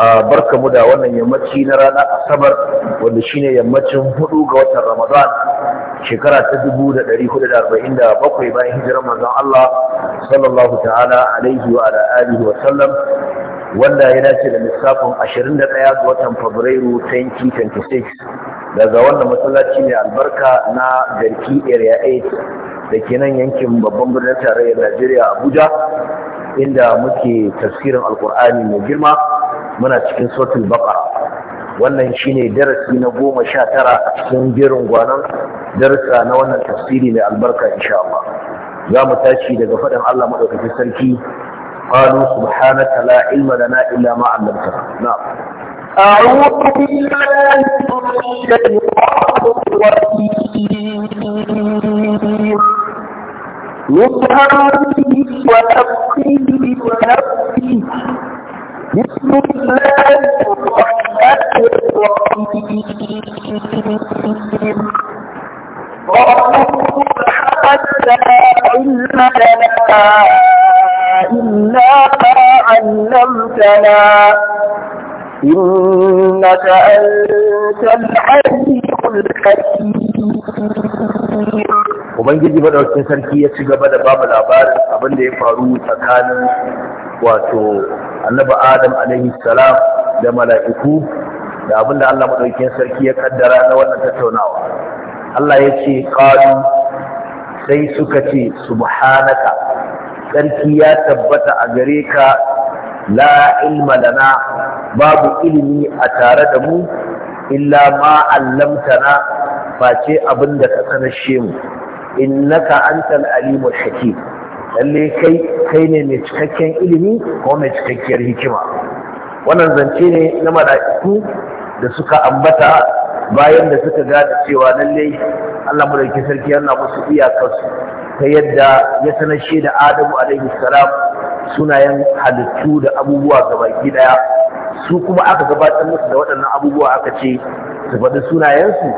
barka mu da wannan yammaci na ranar asabar wanda shine yammacin hudu ga watan ramadan shekara ta 1447 bayan hijirar manzon Allah sallallahu ta'ala alaihi wa ala alihi wa sallam wanda ya dace da lissafin 21 ga watan fabrairu 2026 daga wannan masallaci ne albarka na garki area 8 da ke nan yankin babban birnin tarayyar najeriya abuja inda muke tafsirin alkur'ani mai girma muna cikin suratul baqara wannan shine darasi na goma sha tara a cikin jerin gwanon darasa na wannan tafsiri mai albarka insha Allah za mu tashi daga faɗin Allah maɗaukaki sarki قالوا سبحانك لا علم لنا إلا ما علمتنا نعم أعوذ بالله من الشيطان الرجيم يسهر به ونفسه ونفسه بسم الله الرحمن إلا ما علمتنا إنك أنت العليم الحكيم Ubangiji madaukin sarki ya ci gaba da babu labarin abin da ya faru tsakanin wato annabi adam alaihi salam da mala'iku da abinda Allah madaukakin sarki ya kaddara na wannan tattaunawa Allah ya ce qalu sai suka ce subhanaka sarki ya tabbata a gare ka la ilma lana babu ilimi a tare da mu illa ma allamtana face abinda ka sanashe mu innaka antal alimul hakim lalle kai kai ne mai cikakken ilimi ko mai cikakkiyar hikima wannan zance ne na mala'iku da suka ambata bayan da suka gada cewa lalle Allah madauki sarki yana musu iyakarsu ta yadda ya sanashe da Adamu alaihi salam sunayen halittu da abubuwa gaba daya su kuma aka gabatar musu da waɗannan abubuwa aka ce su faɗi sunayensu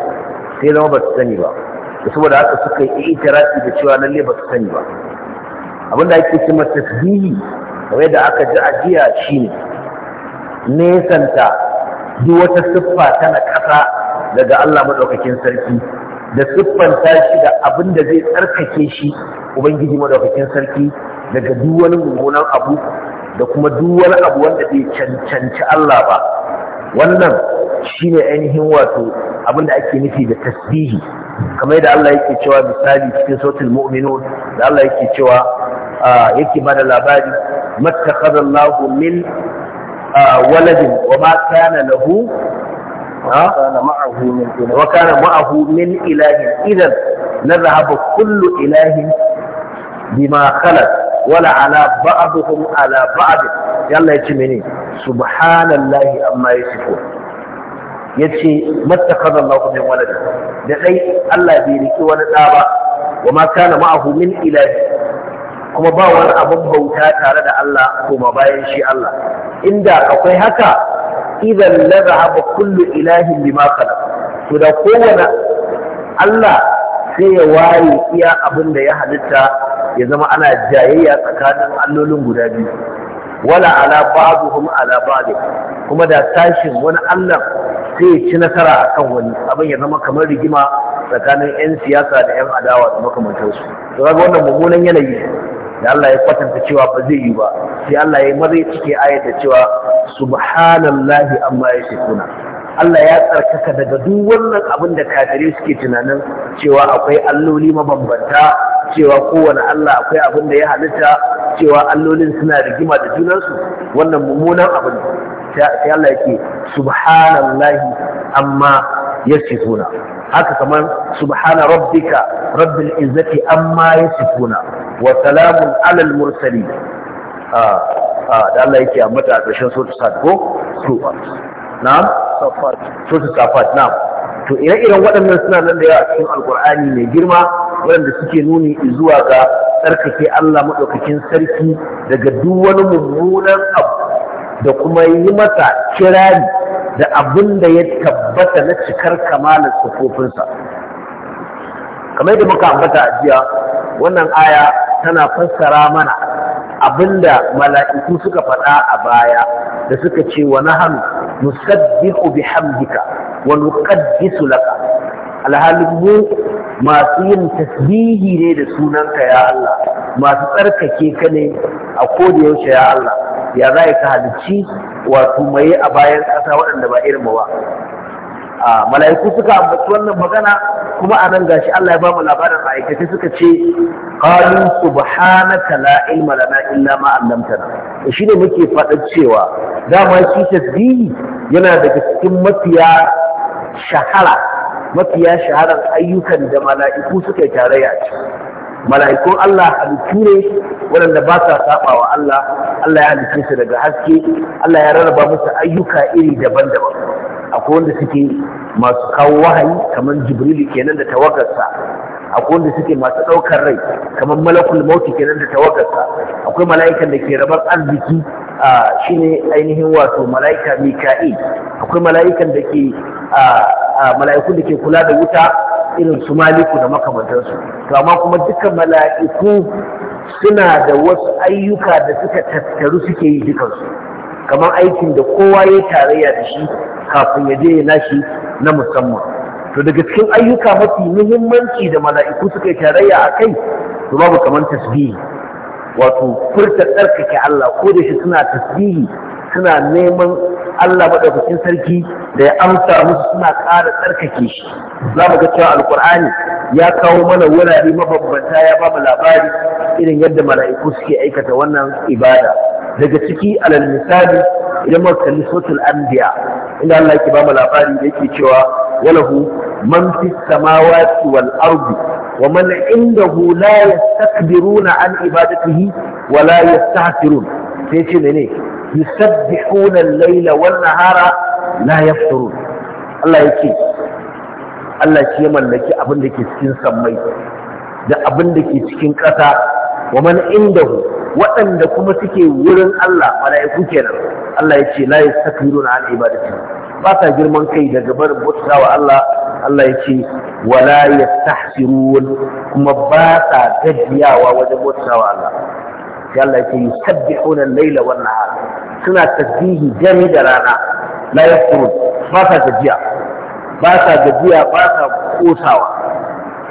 sai zama ba su sani ba saboda haka suka yi itirafi da cewa lalle ba su sani ba abinda ake cimma tasbihi kamar da aka ji ajiya shi ne. nesanta duk wata siffa tana ƙasa daga Allah madaukakin sarki da siffanta shi da abin da zai tsarkake shi ubangiji madaukakin sarki daga duk wani mummunan abu da kuma duk wani abu wanda bai cancanci Allah ba wannan shi shine ainihin wato abin da ake nufi da tasbihi kamar da Allah yake cewa misali cikin sautin mu'minun da Allah yake cewa yake ba da labari mattakhadha Allahu min waladin wa ma kana lahu wa kana ma'ahu min ilahin idan na nadhhaba kullu ilahin bima khalat wala ala ba'dihim ala ba'd yalla yace menene subhanallahi amma ya yasifu yace mattakhadha Allahu min wani da dai Allah bai riki wani da wa maka kana ma'ahu ilahi kuma ba wani abin bauta tare da Allah kuma bayan shi Allah inda akwai haka idan na zahaba kullum ilahin bima khalaq to da kowane Allah sai ya waye iya abin da ya halitta ya zama ana jayayya tsakanin allolin guda biyu wala ala ba'dhum ala ba'd kuma da tashin wani Allah sai ci nasara akan wani abin ya zama kamar rigima tsakanin yan siyasa da yan adawa da makamantansu to kaga wannan mummunan yanayi da Allah ya kwatanta cewa ba zai yi ba sai Allah ya maza ya cike ayat cewa subhanallahi amma yashkuna Allah ya tsarkaka daga duk wannan abin da kafirai suke tunanin cewa akwai alloli mabambanta cewa kowane Allah akwai abin da ya halitta cewa allolin suna rigima da junansu wannan mummunan abin sai Allah yake subhanallahi amma yasifuna haka kamar subhana rabbika rabbil izzati amma yasifuna wa salamun alal mursalin ah, ah, da Allah yake a ƙarshen sura ta ko na'am safat na'am to ire-iren waɗannan suna nan da yawa a cikin alkur'ani mai girma waɗanda suke nuni zuwa ga tsarkake Allah maɗaukakin sarki daga duk wani mummunan abu da kuma yi masa kirari da abin da ya tabbata na cikar kamalar sufofinsa kamar da muka ambata a jiya wannan aya tana fassara mana abinda mala'iku suka faɗa a baya da suka ce wa nahanu nusabbihu bihamdika wa nuqaddisu laka alhalin mu masu yin tasbihi ne da sunanka ya Allah masu tsarkake ka ne a koda yaushe ya Allah ya za ka halicci wato maye a bayan ƙasa waɗanda ba irin ba mala'iku suka ambaci wannan magana kuma a nan gashi Allah ya ba mu labarin ma'aikata suka ce qalu subhanaka la ilma lana illa ma 'allamtana to shine muke faɗa cewa dama shi tasbihi yana daga cikin mafiya shahara mafiya shaharar ayyukan da mala'iku suka tarayya a mala'ikun Allah halittu ne waɗanda ba sa sabawa Allah Allah ya halitta su daga haske Allah ya rarraba musu ayyuka iri daban-daban akwai wanda suke masu kawo wahayi kamar jibril kenan da tawagarsa akwai wanda suke masu ɗaukar rai kamar malakul mauti kenan da tawagarsa akwai mala'ikan da ke rabar arziki shine ainihin wato mala'ika mikai akwai mala'ikan da ke mala'ikun da ke kula da wuta irin su maliku da makamantansu. to amma kuma dukkan mala'iku suna da wasu ayyuka da suka tattaru suke yi dukansu kamar aikin da kowa ya tarayya da shi kafin ya je ya nashi na musamman to daga cikin ayyuka mafi muhimmanci da mala'iku suka yi tarayya a kai to babu kamar tasbihi wato furta tsarkake Allah ko da shi suna tasbihi suna neman Allah maɗaukakin sarki da ya amsa musu suna ƙara tsarkake shi za mu ga cewa alkur'ani ya kawo mana wurare mabambanta ya ba mu labari irin yadda mala'iku suke aikata wannan ibada daga ciki alal misali idan muka kalli suratul anbiya inda Allah yake ba mu labari da yake cewa walahu man fis samawati wal ardi wa man indahu la yastakbiruna an ibadatihi wa la yastahsirun sai ce mene yusabbihuna al-laila wan nahara la yafturun Allah yake Allah shi ya mallaki abin da ke cikin sammai da abin da ke cikin ƙasa wa man indahu waɗanda kuma suke wurin Allah mala'iku kenan Allah ya ce la yastakbiruna an ibadati ba sa girman kai daga barin bauta wa Allah Allah ya ce wala yastahsirun kuma ba sa gajiyawa wajen bauta wa Allah sai Allah ya ce yusabbihuna al-laila wan nahar suna tasbihi dare da rana la yasturun ba sa gajiya ba sa gajiya ba sa kosawa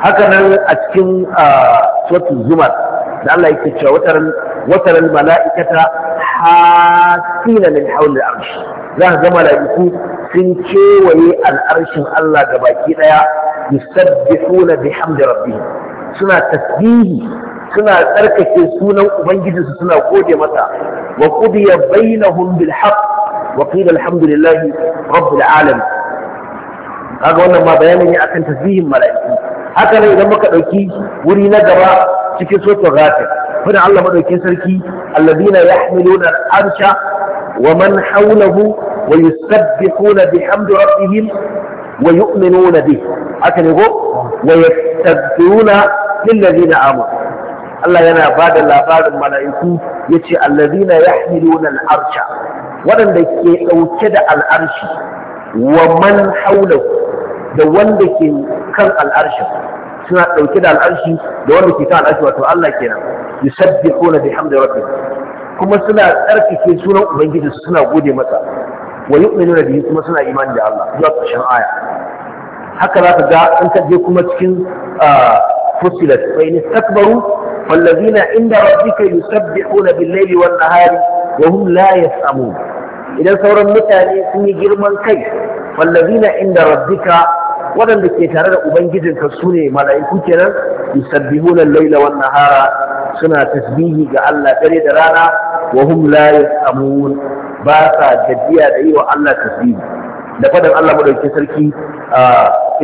haka nan a cikin ah, suratul zumar da Allah yake cewa wataran wataran mala'ikata hasina min hawl arshi za ka ga mala'iku sun kewaye al'arshin Allah ga baki daya yusabbihuna bihamdi rabbihim suna tasbihi suna tsarkake sunan su suna gode masa wa qudiya bainahum bil haqq wa qila alhamdulillahi rabbil alamin kaga wannan ma bayani ne akan tasbihin mala'iku haka ne idan muka ɗauki wuri na gaba cikin sotar rafin fina Allah maɗaukin sarki allazina yahmiluna al-arsha wa man hawlahu wa yusabbihuna bihamdi rabbihim wa yu'minuna bi haka ne ko wa yastaghfiruna lillazina amanu Allah yana ba da labarin mala'iku ya ce allazina yahmiluna al-arsha waɗanda ke ɗauke da al'arshi wa man haulahu. da wanda ke kan al'arshin suna ɗauke da al'arshi da wanda ke kan al'arshi wato Allah kenan bi hamdu rabbih kuma suna tsarkake sunan ubangiji suna gode masa wa yu'minuna bihi kuma suna imani da Allah zuwa ƙarshen aya haka za ka ga an kaje kuma cikin fusilat fa in istakbaru fallazina inda rabbika yusabbihuna bil-laili wan-nahari wa hum la yas'amun idan sauran mutane sun yi girman kai wallazina inda rabbika waɗanda ke tare da ubangijinka su ne mala'iku kenan yusabbihuna al-laila wan nahara suna tasbihi ga Allah dare da rana wa hum la yasamun ba sa gajiya da yi wa Allah tasbihi da faɗin Allah madauki sarki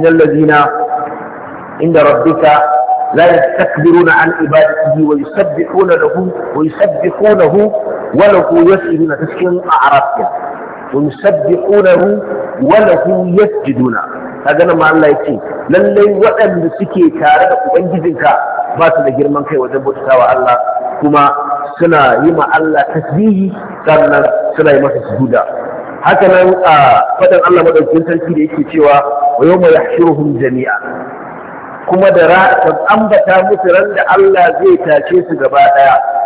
inal ladina inda rabbika لا يستكبرون عن عبادته ويسبحون له ويسبحونه وله يسجدون تسكين أعراضهم wa yusabbihunahu wa lahu yasjuduna kaga nan ma Allah yake lallai waɗanda suke tare da ubangijinka ba su da girman kai wajen bautawa Allah kuma suna yi ma Allah tasbihi sannan suna yi masa sujuda haka nan a faɗin Allah madaukakin sarki da yake cewa wa yawma jami'a kuma da ra'atan ambata musu ran da Allah zai tace su gaba ɗaya.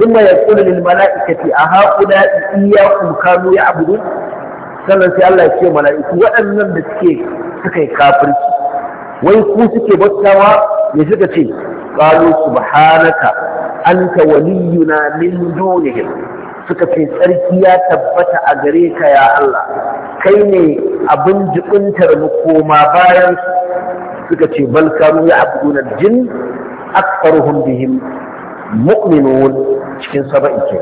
kuma ya kula lil mala'ikati a haƙuna ya sannan sai Allah ya ce mala'iku waɗannan da suke suka yi kafirci wai ku suke bautawa ya suka ce qalu subhanaka anta waliyuna min dunihim suka ce tsarki ya tabbata a gare ka ya Allah kai ne abin jibintar mu koma bayan suka ce bal kanu ya abuduna jin aktaruhum bihim mu'minun cikin saba'i ke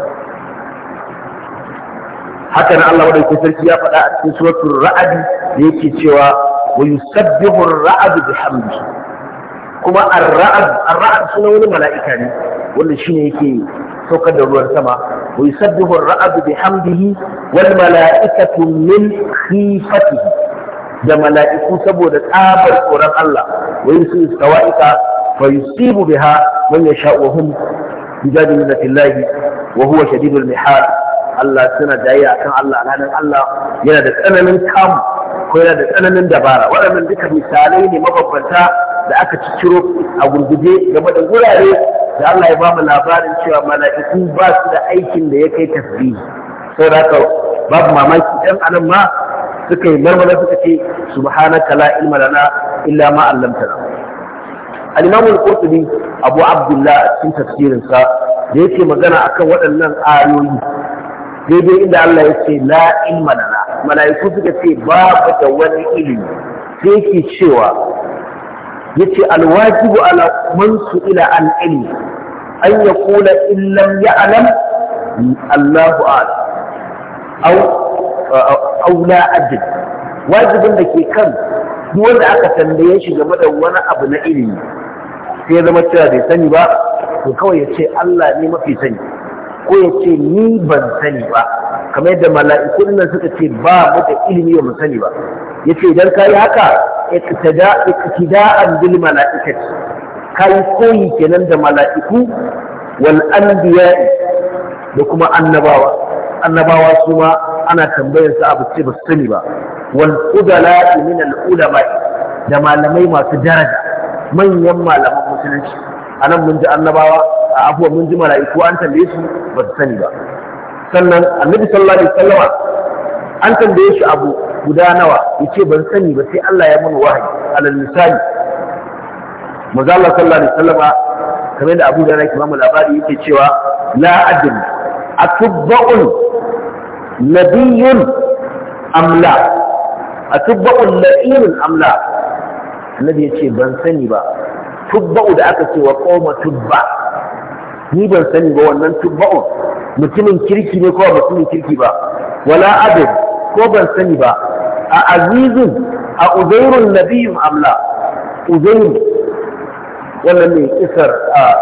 haka nan Allah madauki sarki ya faɗa a cikin suratul ra'd da yake cewa wa yusabbihu ar-ra'd bihamdi kuma ar-ra'd ar-ra'd sunan wani mala'ika ne wanda shine yake saukar da ruwan sama wa yusabbihu ar-ra'd bihamdihi wal mala'ikatu min khifatihi da mala'iku saboda tsabar tsoron Allah wa yusibu sawa'ika fa yusibu biha man yasha'u hum bijadi minatillahi wa huwa shadidul mihal Allah suna jayayya akan Allah alhalin Allah yana da tsananin kam ko yana da tsananin dabara waɗannan duka misalai ne mabambanta da aka ciciro a gurguje game da wurare da Allah ya ba mu labarin cewa mala'iku ba su da aikin da ya kai tasbihi saboda haka babu mamaki dan anan ma suka yi marmara suka ce subhanaka la ilma lana illa ma 'allamtana al-imam abu Abdullahi sun cikin tafsirin sa da yake magana akan waɗannan ayoyi daidai inda Allah ya ce la ilma lana malaiku suka ce babu da wani ilimi sai yake cewa yace al-wajibu ala man su'ila an ilmi an yaqula in lam ya'lam Allahu wajibin da ke kan duk wanda aka tambaye shi game da wani abu na ilimi sai ya zama cewa bai sani ba to kawai ya ce Allah ne mafi sani ko ya ce ni ban sani ba kamar yadda mala'ikun nan suka ce ba mu da ilimi ba mu sani ba yace idan kai haka iktida iktida'an bil mala'ikati kai koyi kenan da mala'iku wal anbiya da kuma annabawa annabawa su ma ana tambayar su abu ce ba su sani ba wal udala min al ulama da malamai masu daraja manyan malaman musulunci anan mun ji annabawa a abuwa mun ji mala'iku an tambaye su ba su sani ba sannan annabi sallallahu alaihi wasallama an tambaye shi abu guda nawa yace ban sani ba sai Allah ya mana wahayi alal misali manzo Allah sallallahu alaihi wasallama kamar da Abu Dawud Imam labari yake cewa la adri atubba'un nabiyyun am a tubba'un la'inul amla annabi ya ce ban sani ba tubba'u da aka ce wa qawma tubba ni ban sani ba wannan tubba'un mutumin kirki ne ko mutumin kirki ba wala abid ko ban sani ba a azizun a uzairun nabiyyun amla uzairun wannan ne kisar a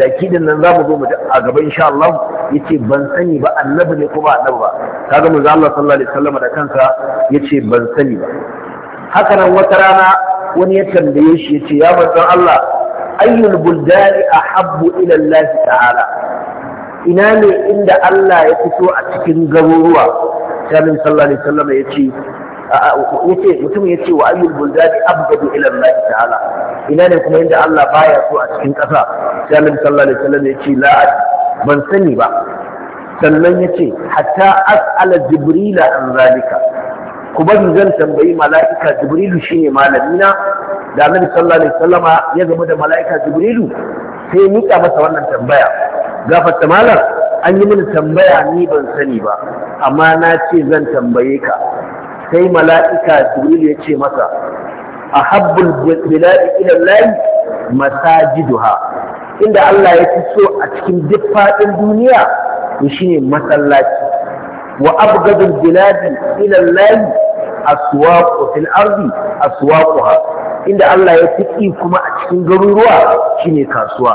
jaki da nan zamu zo mu a gaba insha Allah yace ban sani ba annabi ne kuma ba annabi ba kaga manzo Allah sallallahu alaihi wasallam da kansa yace ban sani ba haka nan wata rana wani ya tambaye shi yace ya manzo Allah ayyul buldani ahabbu ila Allah ta'ala ina ne inda Allah ya fito a cikin garuruwa sai sallallahu alaihi wasallam yace yace mutum yace wa ayyul buldadi abgadu ila Allah ta'ala ina ne kuma inda Allah baya so a cikin ƙasa sai Annabi sallallahu alaihi wasallam yace la ban sani ba sannan yace hatta as'ala jibrila an zalika kuma zan tambayi mala'ika jibrilu shine malamina da Annabi sallallahu alaihi wasallam ya gamu da mala'ika jibrilu sai ya mika masa wannan tambaya gafarta malam an yi mini tambaya ni ban sani ba amma na ce zan tambaye ka sai mala'ika jibril ya ce masa ahabbul biladi ila masaji masajiduha inda Allah ya fi so a cikin duk faɗin duniya to ne masallaci wa abgadul biladi ila Allah aswaqu fil ardi inda Allah ya fi kuma a cikin garuruwa shine kasuwa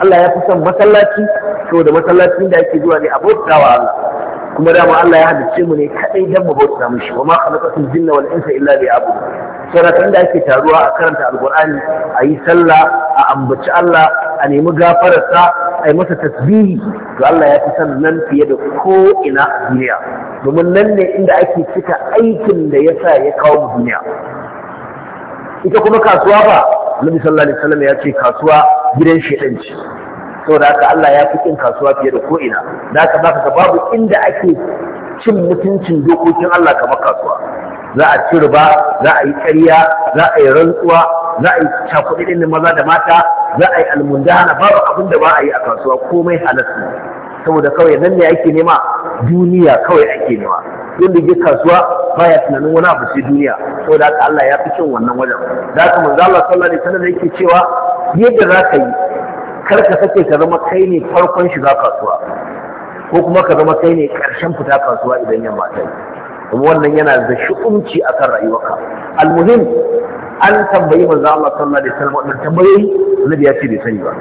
Allah ya fi son masallaci saboda masallacin da ake zuwa ne a bautawa Allah kuma dama Allah ya halicce mu ne kadai dan mu bauta mishi wa ma khalaqatul jinna wal insa illa liya'budun saboda da ake taruwa a karanta alqur'ani a yi sallah a ambaci Allah a nemi gafararsa a yi masa tasbihi to Allah ya fi san nan fiye da ko ina a duniya domin nan ne inda ake cika aikin da ya sa ya kawo duniya ita kuma kasuwa ba Nabi sallallahu alaihi wasallam ya ce kasuwa gidan shedanci ce saboda haka Allah ya fi kin kasuwa fiye da ko'ina da haka za ka babu inda ake cin mutuncin dokokin Allah kamar kasuwa za a ci riba za a yi ƙarya za a yi rantsuwa za a yi cakuɗi ɗin maza da mata za a yi almundana babu abin da ba a yi a kasuwa komai halartu. saboda kawai nan ne ake nema duniya kawai ake nema da ke kasuwa baya tunanin wani abu sai duniya saboda haka Allah ya fi cin wannan wajen da haka manzo Allah sallallahu alaihi wasallam yake cewa yadda za ka yi kar ka sake ka zama kai ne farkon shiga kasuwa ko kuma ka zama kai ne karshen fita kasuwa idan yamma ta yi wannan yana da shi'umci akan rayuwarka almuhim an tambayi manzo Allah sallallahu alaihi wasallam wannan tambayoyi annabi ya ce bai sani ba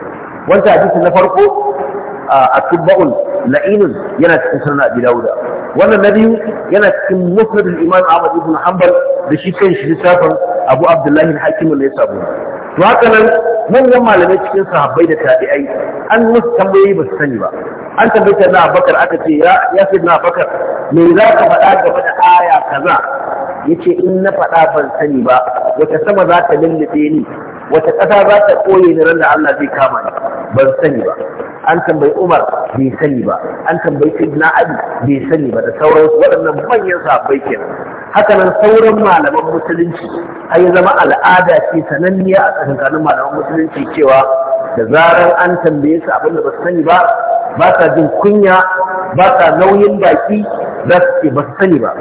wanda hadisi na farko a tubba'ul la'inun yana cikin sunan Abi Dawud wannan na biyu yana cikin musnad al-Imam Ahmad ibn Hanbal da shi kan shi lissafin Abu abdullahi al-Hakim ne sabu to haka nan manyan malamai cikin sahabbai da tabi'ai an musu tambayoyi ba su sani ba an tambaye na bakar aka ce ya sai na bakar me za ka faɗa game da aya kaza yace in na faɗa ban sani ba wata sama za ta lullube ni wata ƙasa za ta ƙoye ni ran da Allah zai kama ni ban sani ba an tambayi Umar bai sani ba an tambayi Sayyidina Ali bai sani ba da sauran waɗannan manyan sahabbai kenan haka nan sauran malaman musulunci har ya zama al'ada ce sananniya a tsakanin malaman musulunci cewa da zarar an tambaye su abin da ba sani ba ba sa jin kunya ba sa nauyin baki za su ce ba sani ba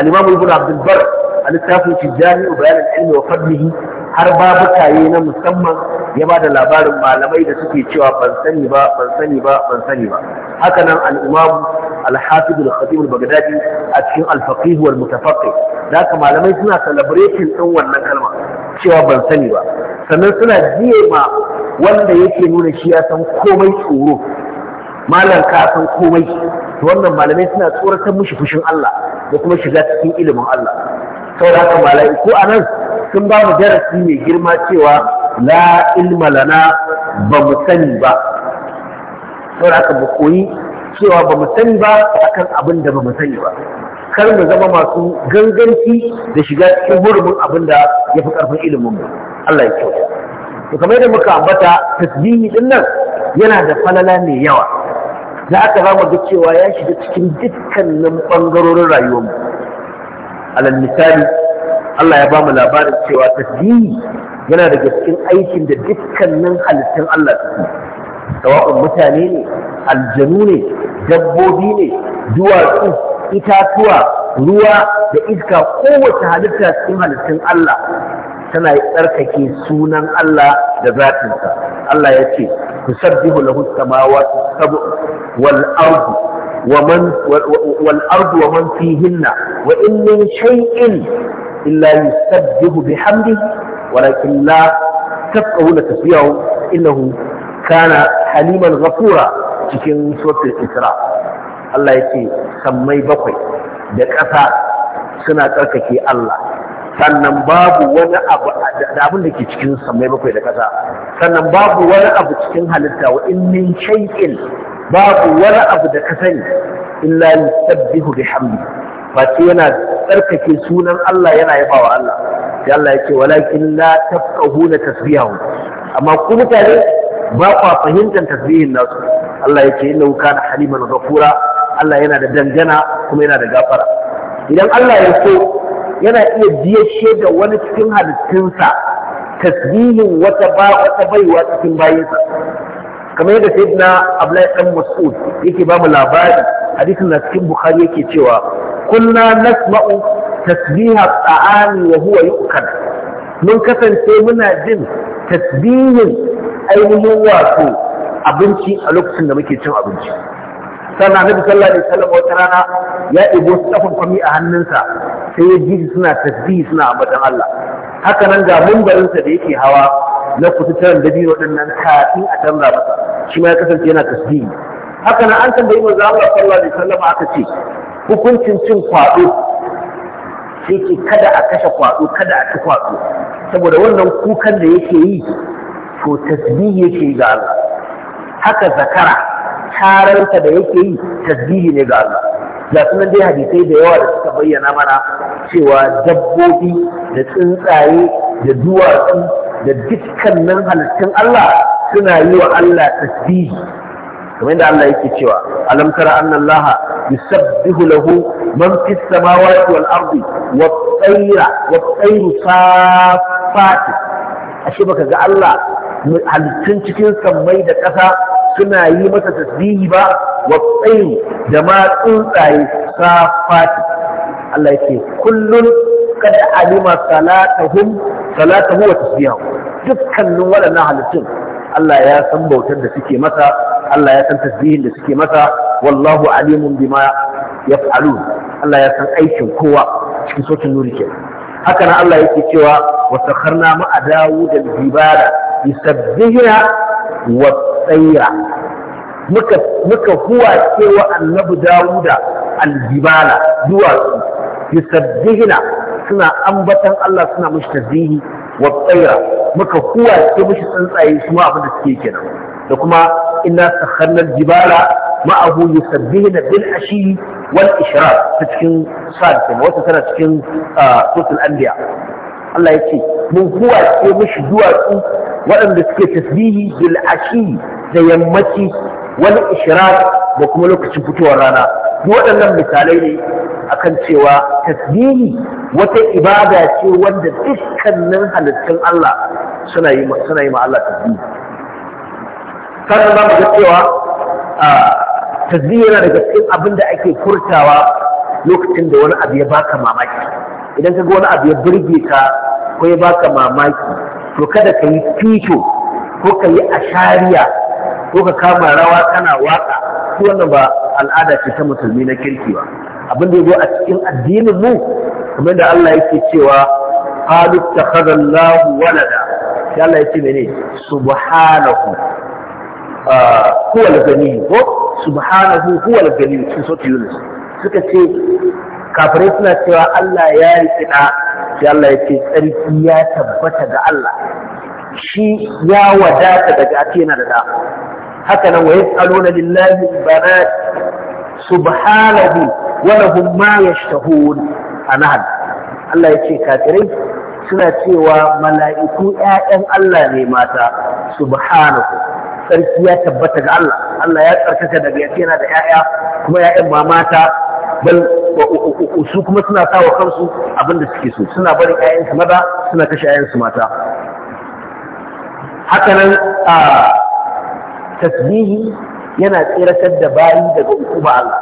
al-imam ibn abdul bar littafin tijani bayan al-ilmi wa fadlihi har babu kaye na musamman ya ba da labarin malamai da suke cewa ban sani ba ban sani ba ban sani ba haka nan al-imam al khatib al-baghdadi a cikin al-faqih wal da haka malamai suna celebrating din wannan kalma cewa ban sani ba sannan suna jiye ma wanda yake nuna shi ya san komai tsoro malam ka san komai to wannan malamai suna tsoratar mushi fushin Allah da kuma shiga cikin ilimin Allah saboda haka malai ko anan sun ba mu darasi mai girma cewa la ilma lana ba mu sani ba saboda aka mu koyi cewa ba mu sani ba akan abin da ba mu sani ba kar mu zama masu ganganci da shiga cikin hurumin abin da ya fi karfin ilimin mu Allah ya kyauta to kamar yadda muka ambata tasbihi din nan yana da falala mai yawa da aka zamu ga cewa ya shiga cikin dukkanin bangarorin rayuwar mu alal misali Allah ya bamu labarin cewa tasbihi yana daga cikin aikin da dukkanin halittun Allah suke sawa'un mutane ne aljanu ne dabbobi ne duwatsu itatuwa ruwa da iska kowace halitta cikin halittun Allah tana tsarkake sunan Allah da zatinsa Allah ya ce ku sabbihu lahu samawati sab'u wal ardu ومن والأرض ومن فيهن وإن من شيء إلا يسبح بحمده ولكن لا تفقهون تسبيحه إنه كان حليما غفورا cikin suratul Isra Allah ya ce sammai bakwai da ƙasa suna tsarkake Allah sannan babu wani abu da abin da ke cikin samai bakwai da kasa sannan babu wani abu cikin halitta wa in min shay'in babu wani abu da ka sani illa yusabbihu bihamdi fati yana tsarkake sunan Allah yana yaba wa Allah sai Allah yake walakin la tafqahuna tasbihahu amma ku mutane ba ku fahimtar tasbihin nasu Allah yake innahu kana haliman ghafura Allah yana da dangana kuma yana da gafara idan Allah ya so yana iya biyashe da wani cikin halittunsa tasbihin wata ba wata baiwa cikin bayinsa kamar yadda sai na Abdullahi dan Mas'ud yake ba mu labari hadisin na cikin Bukhari yake cewa kunna nasma'u tasbiha ta'ani wa huwa yu'kal mun kasance muna jin tasbihin ainihin wato abinci a lokacin da muke cin abinci sannan annabi sallallahu alaihi wasallam wata rana ya ɗebo tsafin kwami a hannunsa sai ya ji suna tasbihi suna ambatan Allah haka nan ga mumbarinsa da yake hawa na tarin dabino din nan kafin a canza masa shi ma ya kasance yana tasbihi haka nan an tambayi manzo Allah sallallahu alaihi wasallam aka ce hukuncin cin kwado sai ce kada a kashe kwado kada a ci kwado saboda wannan kukan da yake yi to tasbihi yake yi ga Allah haka zakara tararsa da yake yi tasbihi ne ga Allah ga sunan dai hadisai da yawa da suka bayyana mana cewa dabbobi da tsuntsaye da duwatsu da dukkanin halittun Allah suna yi wa Allah tasbihi kamar da Allah yake cewa alam tara anna Allah yusabbihu lahu man fis samawati wal ardi wat tayra wat tayru safat ashe baka ga Allah halittun cikin sammai da ƙasa suna yi masa tasbihi ba wa tsayin da ma tsuntsaye safati Allah yake kullun kad alima salatahum salatahu wa tasbihu dukkanin waɗannan halittun Allah ya san bautar da suke masa Allah ya san tasbihin da suke masa wallahu alimun bima yaf'alun Allah ya san aikin kowa cikin sokin nuri ke haka nan Allah yake cewa wa sakharna ma'a Dawud al-jibala yusabbihuna wa tsaira muka muka huwa cewa annabi dawuda aljibala duwatsu yusabbihina suna ambatan Allah suna mushi tasbihi wa tsaira muka huwa ce mushi tsuntsaye su ma abin da suke kenan da kuma inna sakhanna aljibala ma'ahu yusabbihina bil ashi wal ishraq ta cikin sa'ad kuma wata tana cikin ah, suratul anbiya Allah ya ce mun huwa ce mushi duwatsu waɗanda suke tasbihi bil ashi da yammaci wani ishirar da kuma lokacin fitowar rana waɗannan misalai ne akan cewa tasbihi wata ibada ce wanda dukkanin halittun Allah suna yi suna yi ma Allah tasbihi sannan za mu ga cewa tasbihi yana daga cikin abin da ake kurtawa lokacin da wani abu ya baka mamaki idan ka ga wani abu ya burge ka ko ya baka mamaki to kada ka yi fito ko ka yi a shariya, ko ka kama rawa kana waka ko wannan ba al'ada ce ta musulmi na kirki ba abin da zo a cikin addinin mu kamar da Allah yake cewa qalu takhadha Allahu walada shi Allah yake mene subhanahu ah, huwa al-ghani ko subhanahu huwa al-ghani cikin sura Yunus suka ce kafirai suna cewa Allah ya riƙi ɗa sai Allah ya ce tsarki ya tabbata ga Allah shi ya wadata daga ake yana da ɗa haka nan wa yasaluna lillahi banat subhanahu wa lahum ma yashtahun anahal Allah ya ce kafirai suna cewa mala'iku ‘ya'yan Allah ne mata subhanahu tsarki ya tabbata ga Allah Allah ya tsarkaka daga yake da ‘ya'ya kuma ‘ya'yan ma mata bal su kuma suna sawa kansu abin da suke so suna barin 'ya'yansu maza suna kashe 'ya'yansu mata hakanan a tasbihi yana tseratar da bayi daga ukuba Allah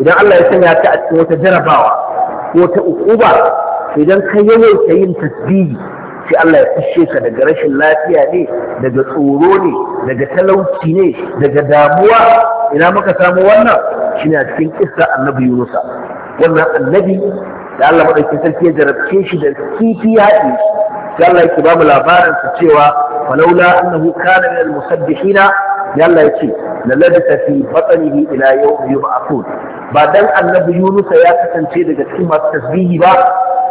idan Allah ya sanya ka a cikin wata jarabawa ko ta ukuba idan ka yawaita yin tasbihi sai Allah ya fushe ka daga rashin lafiya ne daga tsoro ne daga talauci ne daga damuwa ina muka samu wannan shine a cikin kissa annabi Yunus wannan annabi da Allah madaukakin sarki ya jarabce shi da kifi haɗi ya Allah yake ba mu labarin su cewa falaula annahu kana min al-musabbihina ya Allah yake la labita fi batnihi ila yawm yub'athun ba dan annabi Yunus ya kasance daga cikin masu tasbihi ba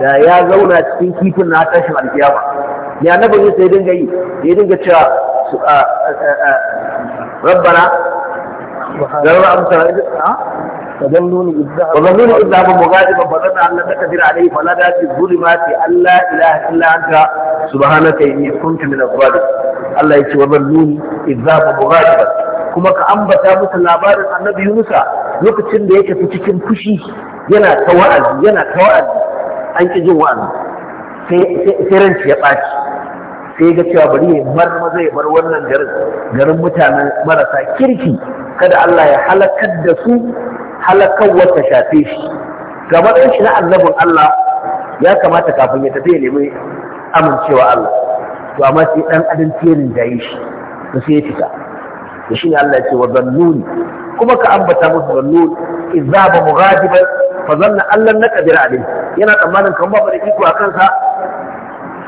da ya zauna cikin kifin na tashin alkiyama ya annabi Yunus ya dinga yi ya dinga cewa rabbana ضرب أمثال وظنوني إذ ذهب وظنوني إذ ذهب مغاضبا فظن أن لن تقدر عليه فنادى في الظلمات أن لا إله إلا أنت سبحانك إني كنت من الظالمين الله يقول وظنوني إذ ذهب مغاضبا kuma ka ambata musu labarin annabi Yunusa lokacin da ya fi cikin fushi yana ta wa'azi yana ta wa'azi an ƙi jin wa'azi sai ranci ya baci sai ga cewa bari ya bar maza ya bar wannan garin garin mutanen marasa kirki kada Allah ya halakar da su halakawar wata shafe shi ga matsayin shi na annabin Allah ya kamata kafin ya tafi ya nemi amincewa Allah to amma sai dan adam tirin jayi shi to sai ya fita to shine Allah ya ce wa zannun kuma ka ambata musu zannun izaba mughadiban fa zanna Allah na kabira alayhi yana tsammanin kan ba da iko a kansa.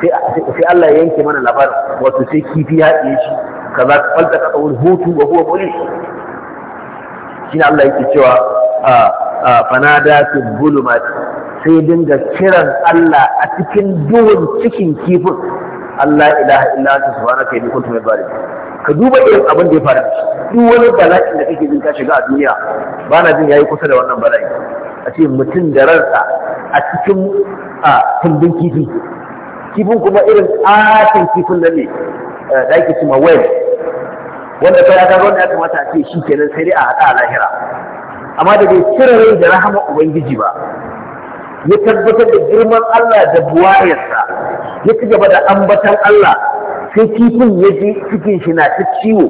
sai Allah ya yanke mana labarin wato sai kifi ya ɗiye shi kaza ka falta ka tsawon hutu wa huwa mulis shine Allah yake cewa fanada bulu bulumati sai dinga kiran Allah a cikin duhun cikin kifin Allah ilaha illa anta subhanaka inni kuntu tumai bari ka duba irin abin da ya fara duk wani bala'in da kake jin ka shiga a duniya ba na jin yayi kusa da wannan bala'i a ce mutum da ransa a cikin tumbin kifi kifin kuma irin ƙaton kifin nan ne eh, da ake cima wayar wanda kai ya ga wanda ya kamata a ce shi kenan sai dai a haɗa a lahira amma da bai cire rai da rahama ubangiji ba ya tabbatar da girman Allah da buwayarsa ya ci gaba da ambatan Allah sai kifin ya ji cikin shi na ta ciwo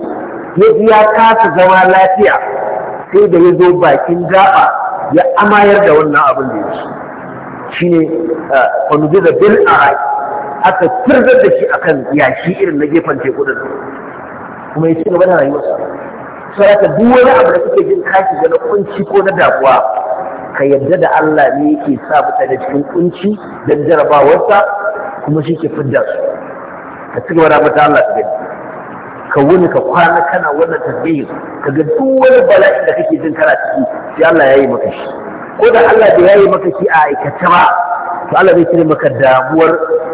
ya ji ya kasa zama lafiya sai da ya zo bakin gaba ya amayar da wannan abin da ya ci shine kwanujiza uh, bil arai aka tirzar da shi akan yashi irin na gefen teku da kuma ya ci gaba da rayuwarsa saraka duk wani abu da kake jin kashi ga na kunci ko na damuwa ka yadda da Allah ne yake sa mutane cikin kunci don jarabawarsa kuma shi ke fidda su ka ci gaba da mata Allah ka gani ka wuni ka kwana kana wannan tasbihi ka ga duk wani bala'i da kake jin kana ciki sai Allah ya yi maka shi ko da Allah bai yayi maka shi a aikace ba to Allah zai kire maka damuwar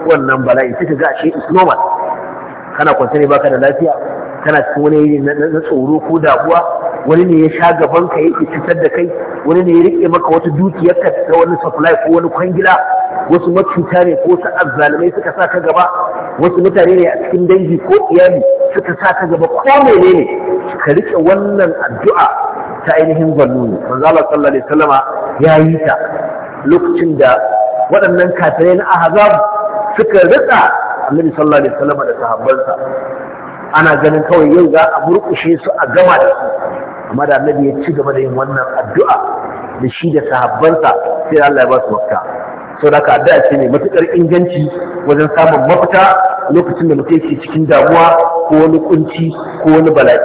wannan bala'i sai ka ga ashe is normal kana kwance ne baka da lafiya kana cikin wani yini na tsoro ko damuwa wani ne ya sha gaban ka yake cutar da kai wani ne ya rike maka wata dukiyar ka ta wani supply ko wani kwangila wasu macuta ne ko wasu azzalumai suka sa ka gaba wasu mutane ne a cikin dangi ko iyali suka sa ka gaba ko menene ka rike wannan addu'a ta ainihin zannuni manzo Allah sallallahu alaihi wasallama ya yi ta lokacin da waɗannan kafirai na ahzab suka rika annabi sallallahu alaihi wasallama da sahabbansa ana ganin kawai yau za a murƙushe su a gama da su amma da annabi ya ci gaba da yin wannan addu'a da shi da sahabbansa sai Allah ya ba su mafita sau da ka addu'a ce ne matukar inganci wajen samun mafita lokacin da mutum yake cikin damuwa ko wani kunci ko wani bala'i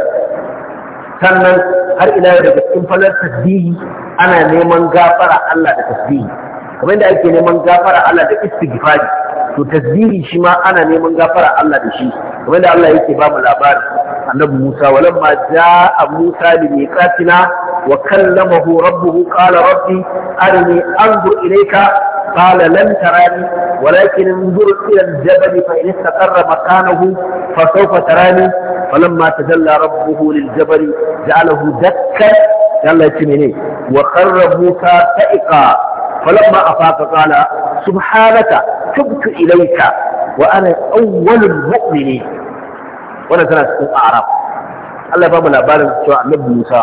sannan har ila daga cikin falar tasbihi ana neman gafara Allah da tasbihi kamar yadda ake neman gafara Allah da istighfari to tasbihi shi ma ana neman gafar a Allah da shi kamar da Allah yake ba mu labarin annabi Musa walamma jaa Musa bi miqatina wa kallamahu rabbuhu qala rabbi arini anzur ilayka qala lan tarani walakin anzur ila al-jabal fa in istaqarra makanahu fa sawfa tarani falamma tajalla rabbuhu lil-jabal ja'alahu dakkan Allah ya ce menene wa qarra Musa ta'iqa falamma afaka qala subhanaka tubtu ilayka wa ana awwalul mu'minin wannan tana cikin arab Allah ba mu labarin cewa Annabi Musa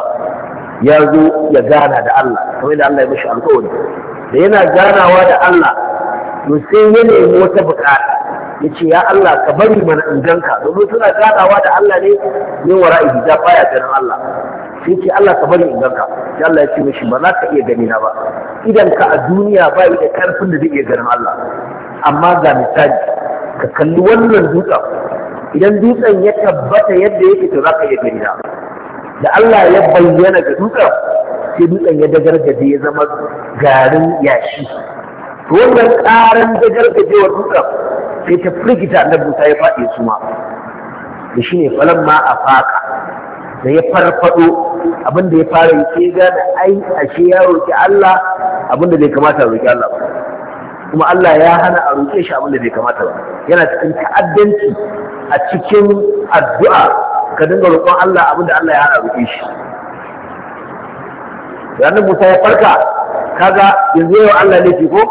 ya zo ya gana da Allah kamar da Allah ya mishi alƙawari da yana ganawa da Allah to sai ya wata bukata ya ce ya Allah ka bari mana in ganka domin suna ganawa da Allah ne ne wara'i da baya ganin Allah sai ce Allah ka bari in ganka sai Allah ya ce mishi ba za ka iya gani na ba idan ka a duniya ba da karfin da zai iya ganin Allah amma ga misali ka kalli wannan dutsen idan dutsen ya tabbata yadda yake to za ka iya gani na da Allah ya bayyana ga dutsen sai dutsen ya dagargaje ya zama garin yashi to wannan ƙaran dagargajewar dutsen sai ta firgita na dutsen ya faɗi da shi da shine ma a faƙa da ya farfaɗo. abin da ya fara yi sai gane ai ashe ya roƙi Allah abin da bai kamata roƙi Allah ba kuma Allah ya hana a roƙe shi abin da bai kamata ba yana cikin ta'addanci a cikin addu'a ka dinga roƙon Allah abin da Allah ya hana roƙe shi ranar Musa ya farka kaga yanzu yau Allah ne ko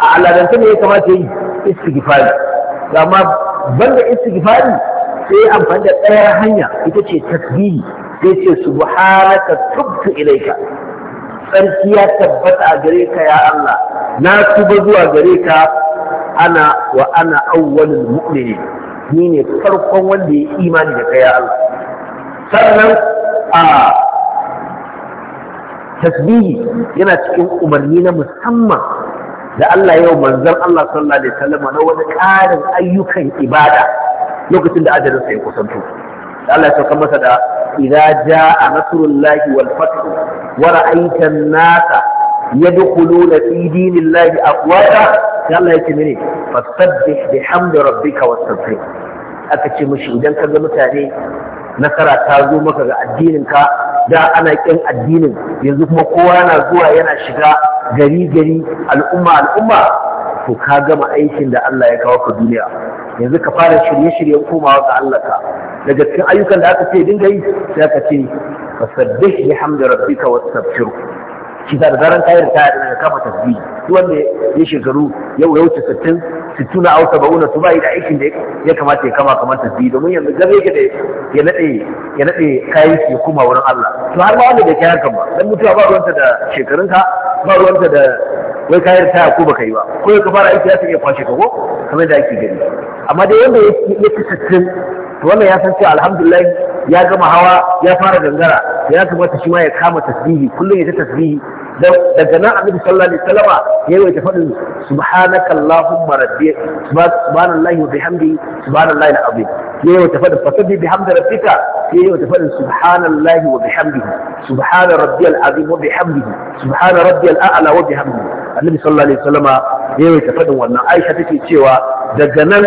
a dan ne ya kamata yi istighfari amma banda istighfari sai amfani da tsayar hanya ita ce tasbihi sai ce subhanaka tubtu ilaika sarki ya tabbata a gare ka ya Allah na tuba zuwa gare ka ana wa ana awwalul mu'minin ni ne farkon wanda ya imani da kai ya Allah sannan a tasbihi yana cikin umarni na musamman da Allah yau manzon Allah sallallahu alaihi wasallam na wani ƙarin ayyukan ibada lokacin da ajalinsa ya kusanto da Allah ya saukar masa da idza jaa nasrullahi wal fath wa ra'aita an-nasa yadkhuluna fi dinillahi afwaja sai Allah yake mene fasabbih bihamdi rabbika wastaghfir aka ce idan ka ga mutane nasara ta zo maka ga addinin ka da ana kin addinin yanzu kuma kowa yana zuwa yana shiga gari gari al'umma al'umma to ka gama aikin da Allah ya kawo ka duniya yanzu ka fara shirye-shiryen komawa ga Allah ka daga cikin ayyukan da aka ce dinga yi sai aka ce fasabbih bihamdi rabbika wastaghfir shi da zaran kayar ta da kafa tasbih duk wanda ya shekaru yau ya wuce 60 60 na auta bauna su bai da aikin da ya kamata ya kama kamar tasbih domin yanzu gabe yake da ya nade ya nade kayan shi kuma wurin Allah to har ma wanda da kai hakan ba dan mutuwa ba ruwanta da shekarun ka. ba ruwanta da wai kayar ta ko baka yi ba ko ka fara aiki ya ta ya kwashe ka ko kamar da ake gani amma dai wanda ya ci 60 to wannan ya san cewa alhamdulillah ya gama hawa ya fara gangara ya kamata shi ma ya kama tasbihi kullum ya ta tasbihi daga nan annabi sallallahu alaihi wasallama ya yi ta faɗin subhanaka allahumma rabbi subhanallahi wa bihamdi subhanallahi alazim ya yi ta faɗin fasabbi bihamdi rabbika ya yi ta faɗin subhanallahi wa bihamdihi subhana rabbiyal azim wa bihamdihi subhana rabbiyal a'la wa bihamdihi annabi sallallahu alaihi wasallama ya yi ta faɗin wannan aisha take cewa daga nan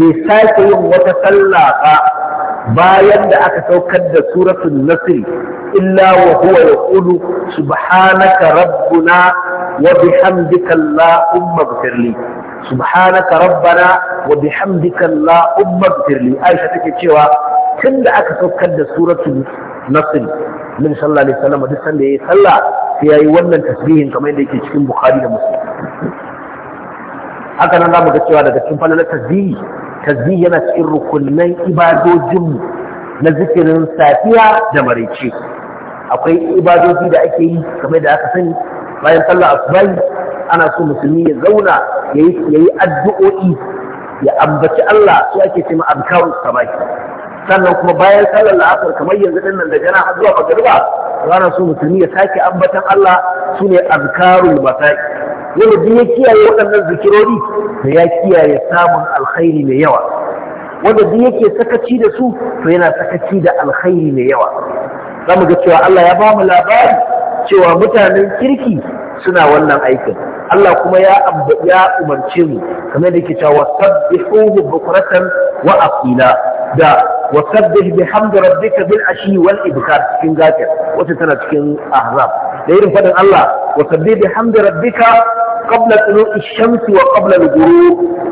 bai sake yin wata sallah ba bayan da aka saukar da suratul nasr illa wa huwa yaqulu subhanaka rabbuna wa bihamdika allahumma ighfir li subhanaka rabbana wa bihamdika allahumma ighfir li aisha take cewa tunda aka saukar da suratul nasr min sallallahu alaihi wasallam duk sanda yayi sallah sai yayi wannan tasbihin kamar yadda yake cikin bukhari da muslim haka nan zamu ga cewa daga cikin falalar tasbihi tasbihi yana cikin rukunan ibadojinmu na zikirin safiya da maraice akwai ibadoji da ake yi kamar da aka sani bayan sallar asubai ana so musulmi ya zauna ya yi addu'o'i ya ambaci Allah su ake ce ma abkaru sabaki sannan kuma bayan sallar la'asar kamar yanzu din nan da jana har zuwa magariba ana so musulmi ya sake ambatan Allah su ne abkarul masaki. yadda duk ya kiyaye waɗannan zikirori to ya kiyaye samun alkhairi mai yawa wanda duk yake sakaci da su to yana sakaci da alkhairi mai yawa za mu ga cewa Allah ya ba mu labari cewa mutanen kirki suna wannan aikin Allah kuma ya ya umarce mu kamar da yake cewa sabbihuhu bukratan wa aqila da wa sabbih bihamdi rabbika bil ashi wal ibkar cikin gafir wata tana cikin ahzab da irin faɗin Allah wa sabbih bihamdi rabbika qabla wa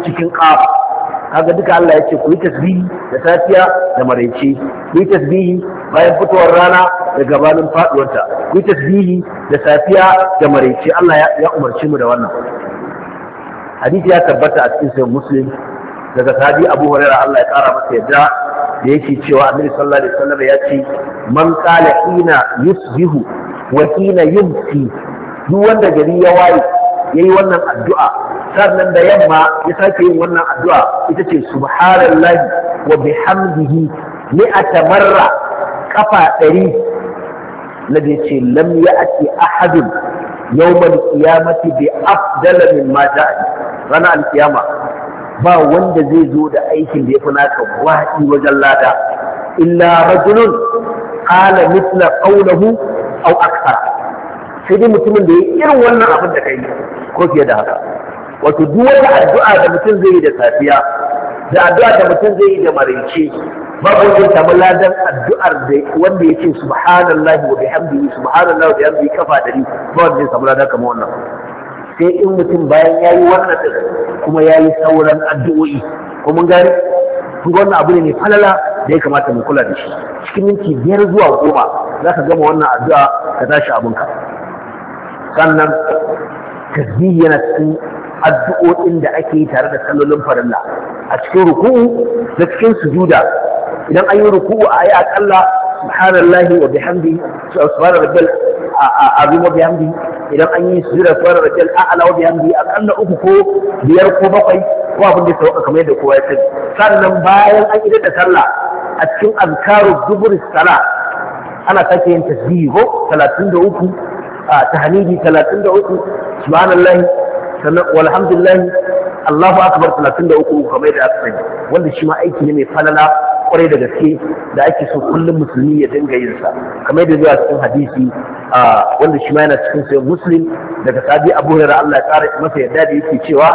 cikin kaga duka Allah ya ce ku yi tasbihi da safiya da maraice ku yi tasbihi bayan fitowar rana da gabanin faduwarta ku yi tasbihi da safiya da maraice Allah ya umarci mu da wannan hadisi ya tabbata a cikin sai muslim daga sahabi Abu Hurairah Allah ya kara masa yadda da yake cewa annabi sallallahu alaihi wasallam ya ce man qala hina yusbihu wa hina yumsi duk wanda gari ya waye yayi wannan addu'a sannan da yamma ya sake yin wannan addu'a ita ce subhanallahi wa bihamdihi a tamarra kafa ɗari na da ce lam ya ake ahadin yawmal qiyamati bi afdala min ma ja'a rana alkiyama ba wanda zai zo da aikin da ya fi naka waɗi wajen lada illa rajulun qala mithla qawlihi aw akthar sai dai mutumin da ya irin wannan abin da kai ko fiye da haka wato duk wata addu'a da mutum zai yi da safiya da addu'a da mutum zai yi da maraice babu wanda ya ladan addu'ar da wanda ya ce subhanallahi wa bihamdihi subhanallahi wa bihamdihi kafa dari ba wanda zai samu ladan kamar wannan sai in mutum bayan ya yi wannan din kuma ya yi sauran addu'o'i ko mun gane kun wannan abu ne mai falala da ya kamata mu kula da shi cikin minti biyar zuwa goma za ka gama wannan addu'a ka tashi abinka sannan tasbihi yana cikin addu'o'in da ake yi tare da sallolin farilla a cikin ruku'u da cikin sujuda idan an yi ruku'u a yi akalla subhanallahi wa bihamdihi subhana wa bihamdihi idan an yi sujud da suwar rakel a'ala wa bihamdi akalla uku ko biyar ko bakwai ko abin da sauka kamar yadda kowa ya sani sannan bayan an idar da sallah a cikin azkaru duburi sala ana sake yin tasbihu 33 tahmidi 33 subhanallahi walhamdulillah Allahu akbar 33 kamar da aka sani wanda shi ma aiki ne mai falala kwarai da gaske da ake so kullum musulmi ya dinga yin sa kamar da zuwa cikin hadisi wanda shi ma yana cikin sayan muslim daga sabi abu hurairah Allah ya kara masa yadda da yake cewa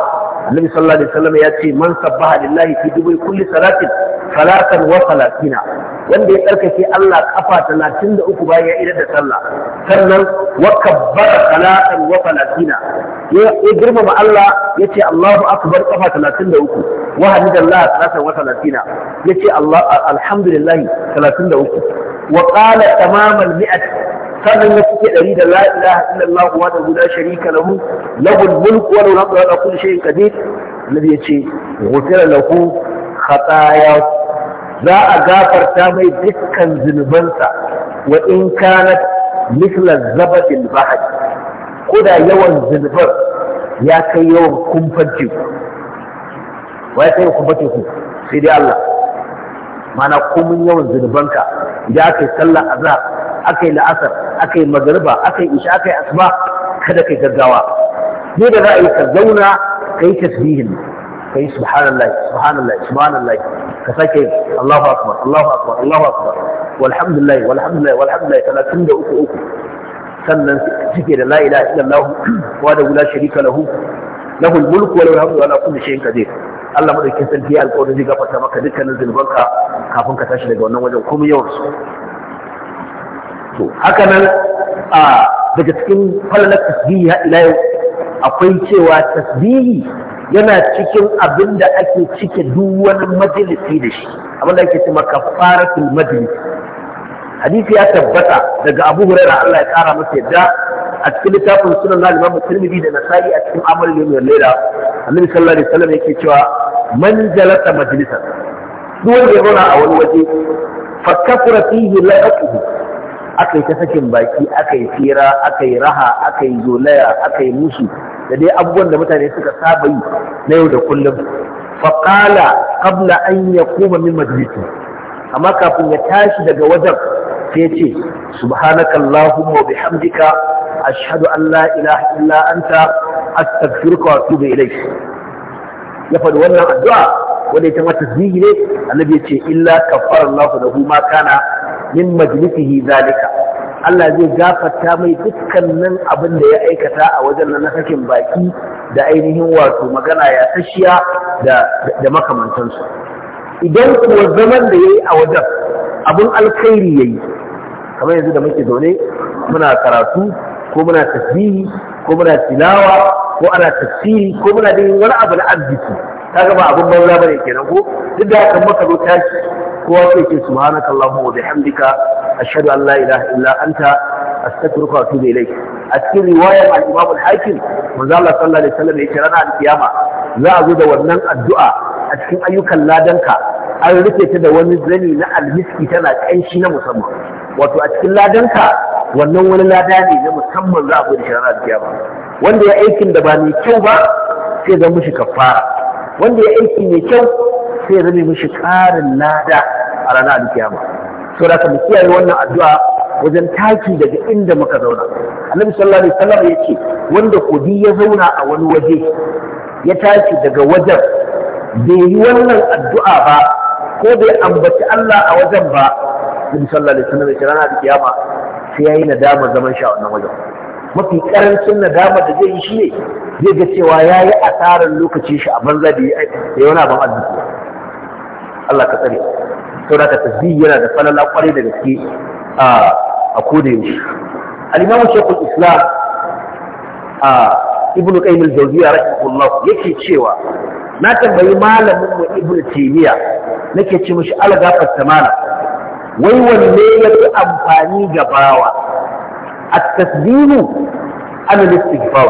annabi sallallahu alaihi wasallam ya ce man sabbaha lillahi fi dubai kulli salatin salatan wa salatina wanda ya tsarkake Allah kafa talatin da uku bayan ya idar da sallah sannan wa kabbara salatan wa falatina ya girmama Allah ya ce Allahu akbar kafa talatin da uku wa hamidallah salatan wa falatina ya ce Allah alhamdulillah talatin da uku wa qala tamamal mi'at sannan ya cike ɗari da la ilaha illallah wa da guda sharika lahu lahul mulku wa lahu al-hamdu wa lahu kulli shay'in qadir nabi ya ce ghufira lahu khatayahu za a gafarta mai dukkan zunubansa wa in kanat misla zabatil bahar ko da yawan zunubar ya kai yawan kumfan teku wa ya kai kumfan teku sai dai Allah mana komin yawan zunubanka idan aka yi sallar azhar akai la'asar akai yi magariba aka yi isha akai asuba kada kai gaggawa ne da za a yi ka zauna ka yi tasbihin ka yi subhanallah subhanallah subhanallah ka sake Allahu akbar Allahu akbar Allahu akbar walhamdulillah walhamdulillah walhamdulillah 33 uku sannan suke da la ilaha illallah wa da la sharika lahu lahu al-mulku wa lahu al-hamdu wa ala kulli shay'in qadir Allah madaukakin sarki ya alƙawarin zai gafarta maka dukkanin zunubanka kafin ka tashi daga wannan wajen komai yawan su to haka nan a daga cikin falalar tasbihi ila yau akwai cewa tasbihi yana cikin abin da ake cike duk wani majalisi da shi abin da ake cima kafaratul majalis hadisi ya tabbata daga Abu Hurairah Allah ya kara masa yadda a cikin littafin sunan na Imam Tirmidhi da Nasa'i a cikin Amal Yawmul Layla Annabi sallallahu alaihi wasallam yake cewa man jalasa majlisan duk wanda ya zauna a wani waje fa kafara fihi laqatuhu akai ta sakin baki akai fira akai raha akai zolaya akai musu da dai abubuwan da mutane suka saba yi na yau da kullum faƙala kabla an ya koma min majalisi amma kafin ya tashi daga wajen sai ya ce subhanaka allahumma wa bihamdika ashhadu an la ilaha illa anta astaghfiruka wa atubu ilayk ya faɗi wannan addu'a wanda ita mata zigi ne annabi ya ce illa kafara da lahu ma kana min majlisihi zalika Allah zai gafarta mai dukkanin abin da ya aikata a wajen na sakin baki da ainihin wato magana ya tashiya da makamantansu idan kuwa zaman da ya yi a wajen abin alkhairi ya yi kamar yanzu da muke zaune muna karatu ko muna tasiri ko muna tilawa ko ana tafsiri ko muna da wani abu na arziki ta gaba abin banza bane kenan ko duk da haka maka zo tashi kowa sai ke subhanaka allahumma wa bihamdika ashhadu an la ilaha illa anta astaghfiruka wa atubu ilayk a cikin riwaya ma imam al-hakim manzo Allah sallallahu alaihi wasallam rana al-kiyama za a zo da wannan addu'a a cikin ayyukan ladanka an rufe ta da wani zani na almiski tana kanshi na musamman wato a cikin ladanka wannan wani lada ne na musamman za a zo da shi ranar kiyama wanda ya aikin da ba mai kyau ba sai zama shi kafara wanda ya aiki mai kyau sai ya zame mishi ƙarin lada a ranar alkiyama so da mu kiyaye wannan addu'a wajen taki daga inda muka zauna annabi sallallahu alaihi wasallam ya ce wanda kudi ya zauna a wani waje ya tashi daga wajen bai yi wannan addu'a ba ko bai ambaci Allah a wajen ba annabi sallallahu alaihi wasallam ya ranar alkiyama sai yayi nadama zaman shi a wannan wajen mafi karancin nadama da zai yi shi ne zai ga cewa ya yi asarar lokaci shi a banza da ya wani abin arziki Allah ka tsare sau da ka tasbihi yana da falala kwarai da gaske a koda yaushe al-imam shaykhul isla a ibnu qayyim al-jawziyya rahimahullah yake cewa na tambayi malamin mu ibnu taymiya nake ce mishi algafar tamala wai wanne yafi amfani ga bawa at-tasbihu an al-istighfar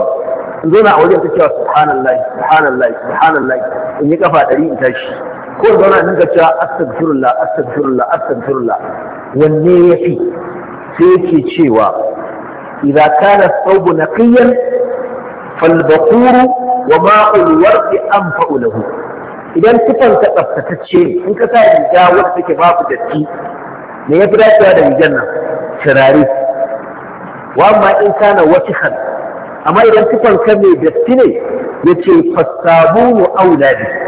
zo na a wajen ta cewa subhanallahi subhanallahi subhanallahi in yi kafa ɗari in tashi ko zauna nan ka cewa astaghfirullah astaghfirullah astaghfirullah wanne yafi sai yake cewa idza kana thawbu naqiyan fal baquru wa ma'ul ward anfa'u lahu idan tufan ka tsaftatacce in ka sa riga wanda take babu datti me yafi dacewa da rigar nan turare wa amma in kana wasihan amma idan tufan ka mai datti ne yace fasabunu aula bihi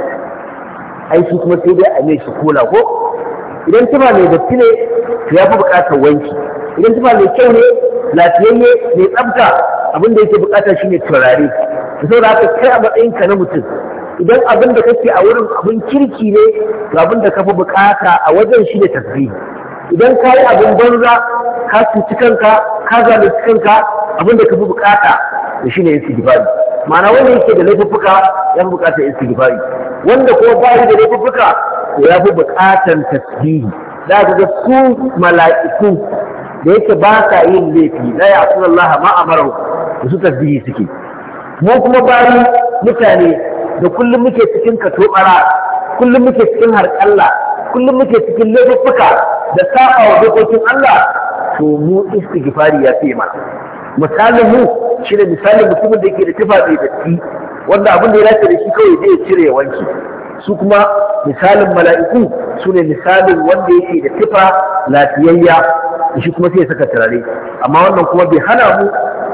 aiki kuma sai dai a mai shi kola ko idan tufa mai datti ne ya fi buƙatar wanki idan tufa mai kyau ne lafiyayye mai tsabta abin da yake buƙata shi ne turare saboda haka kai a matsayinka na mutum idan abin da kake a wurin abin kirki ne to abin da ka fi buƙata a wajen shi ne tasbihi idan ka yi abin banza ka cuci kanka ka zalunci kanka abin da ka fi buƙata da shi ne sigibari ma'ana wanda yake da laifuffuka ya fi buƙatar sigibari wanda ko bayi da laifuka to ya fi bukatan tasbihi Da ga su mala'iku da yake ba sa yin laifi la ya asuna Allah ma amaru da su tasbihi suke mu kuma bayi mutane da kullum muke cikin katobara kullum muke cikin harƙalla kullum muke cikin laifuka da saba wa dokokin Allah to mu istighfari ya fi mana misalin mu shine misalin mutumin da yake da tufa da datti wanda abin da ya dace da shi kawai zai cire wanki su kuma misalin mala'iku su ne misalin wanda yake da tifa lafiyayya shi kuma sai ya saka turare amma wannan kuma bai hana mu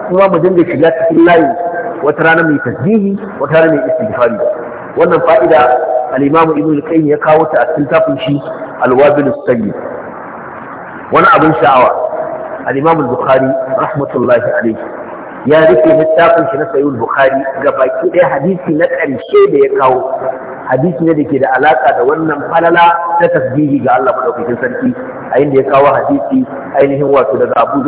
kuma mu dinga shiga cikin layi wata rana mai tasbihi wata rana mai istighfari wannan fa'ida al-Imam Ibn al-Qayyim ya kawo ta a cikin tafin shi al-Wabil as wani abin sha'awa al-Imam al-Bukhari rahmatullahi alayhi ya rufe littafin shi na sayul bukhari ga baki ɗaya hadisi na ƙarshe da ya kawo hadisi ne da ke da alaƙa da wannan falala ta tasbihi ga Allah madaukakin sarki a inda ya kawo hadisi ainihin wato daga Abu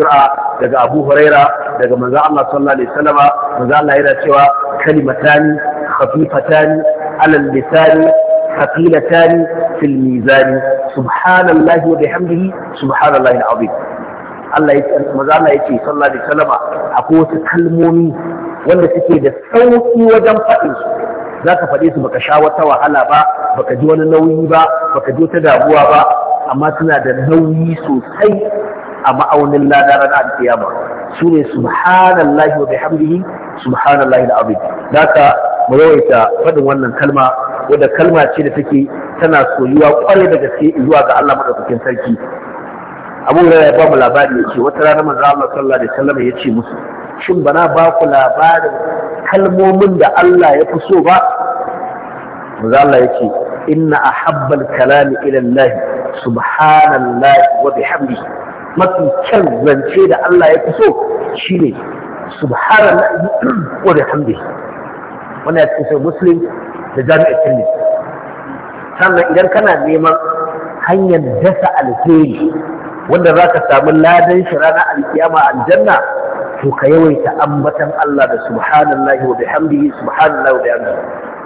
daga Abu Huraira daga manzo Allah sallallahu alaihi wasallama manzo Allah yana cewa kalimatani khafifatani alal lisani thaqilatani fil mizani subhanallahi wa bihamdihi subhanallahi al Allah yake maza Allah yake sallallahu alaihi wasallam akwai wasu kalmomi wanda suke da sauki wajen faɗin su ka faɗi su baka sha wata wahala ba baka ji wani nauyi ba baka ji wata damuwa ba amma suna da nauyi sosai a ma'aunin ladaran al su ne subhanallahi wa bihamdihi subhanallahi al'azim azim zaka mu yawaita faɗin wannan kalma wadda kalma ce da take tana soyuwa kwarai da gaske zuwa ga Allah madaukakin sarki abun da ya ba mu labari ya ce wata rana manzo Allah sallallahu alaihi wasallam ya ce musu shin bana ba ku labarin kalmomin da Allah ya fi so ba manzo Allah ya ce inna ahabbal kalami ila Allah subhanallahi wa bihamdihi mafi kyan zance da Allah ya fi so shine subhanallahi wa bihamdihi wannan ya cikin muslim da jami'ar tirmidhi sannan idan kana neman hanyar dasa alheri wanda za ka samu ladan shi ranar alkiyama aljanna to ka yawaita ambatan Allah da subhanallahi wa bihamdihi subhanallahi wa bihamdihi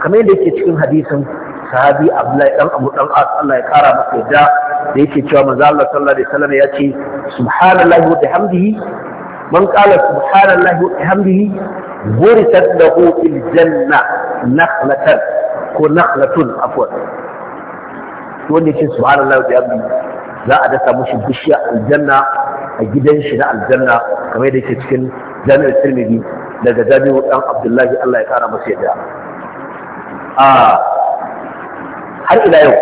kamar yadda yake cikin hadisin sahabi Abdullahi dan Abu dan As Allah ya kara masa yadda da yake cewa manzo Allah sallallahu alaihi wasallam ya ce subhanallahi wa bihamdihi man qala subhanallahi wa bihamdihi gurisat lahu fil janna nakhlatan ko nakhlatun afwan wanda yake subhanallahi wa bihamdihi za a dasa mushi bishiya aljanna a gidan shi na aljanna kamar da yake cikin jami'ar tirmidhi daga jami'ar dan abdullahi Allah ya kara masa yadda a har ila yau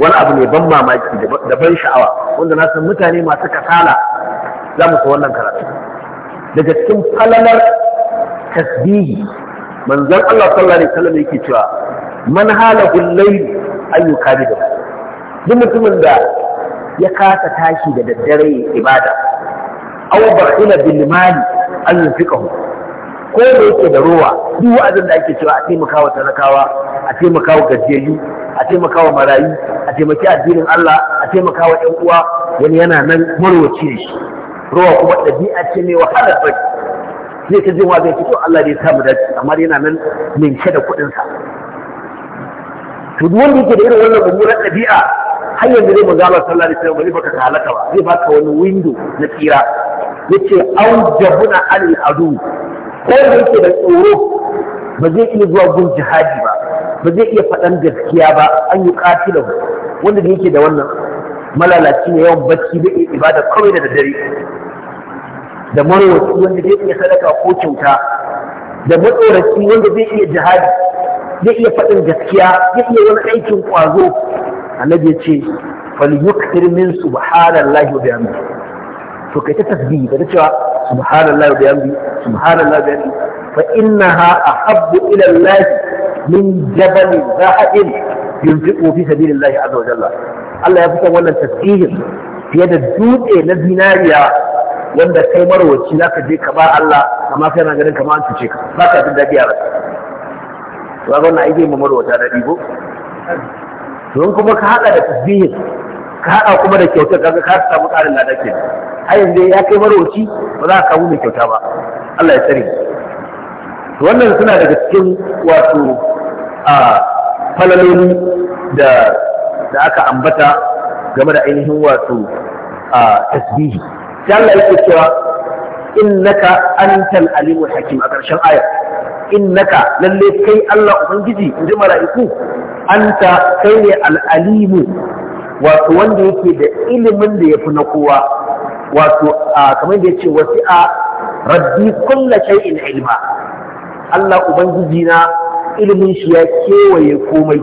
wani abu ne ban mamaki da ban sha'awa wanda na san mutane masu kasala za mu sa wannan karatu daga cikin falalar tasbihi manzon Allah sallallahu alaihi wasallam yake cewa man halahu al-layl ayyuka bi duk mutumin da ya kasa tashi da daddare ibada aw bakhila bil mali an mu. ko da yake da ruwa duk wa'azin da ake cewa a taimaka wa talakawa a taimaka wa gajiyayyu a taimaka wa marayu a taimaki addinin Allah a taimaka wa ƴan uwa wani yana nan marwaci ne shi ruwa kuma ɗabi'a ce mai wahala bari zai ta jin wazai fito Allah da ya samu dace amma yana nan ninke da kuɗinsa to duk wanda yake da irin wannan mummunar ɗabi'a har yanzu dai manzo Allah sallallahu alaihi wasallam bai baka ka halaka ba zai baka wani window na tsira yace au jabuna alil adu ko da yake da tsoro ba zai iya zuwa gun jihadi ba ba zai iya faɗan gaskiya ba an yi katilahu wanda da yake da wannan malalaci ne yawan bacci da ibada kawai da dare da marwaci wanda zai iya sadaka ko kyauta da matsoraci wanda zai iya jihadi zai iya faɗin gaskiya zai iya wani aikin ƙwazo annabi ya ce falyuktir min subhanallahi wa bihamdi to kai ta tasbihi ka ta cewa subhanallahi wa bihamdi subhanallahi wa bihamdi fa innaha ahabbu ila Allah min jabal zahabin yunfiqu fi sabilillah azza wa jalla Allah ya fitar wannan tasbihin fiye da dutse na zinariya wanda kai marwaci za ka je ka ba Allah amma kai na ganin kamar an cuce ka ba ka jin daɗi a rasa. Ba ga wannan aiki ma marwata daɗi ko? Don kuma ka haɗa da tasbihin ka haɗa kuma da kyautar kaga ka samu ƙarin lada ke har yanzu ya kai marwaci ba za ka samu mai kyauta ba Allah ya tsare wannan suna daga cikin wato a falaloli da da aka ambata game da ainihin wato a tasbihi sai Allah yake cewa innaka antal alimul hakim a ƙarshen aya innaka lalle kai Allah ubangiji inji mala'iku anta kai ne al'alimu wato wanda yake da ilimin da ya fi na kowa wato kamar da ya ce wasu a rabbi kulla shay'in ilma Allah ubangiji na ilimin shi ya kewaye komai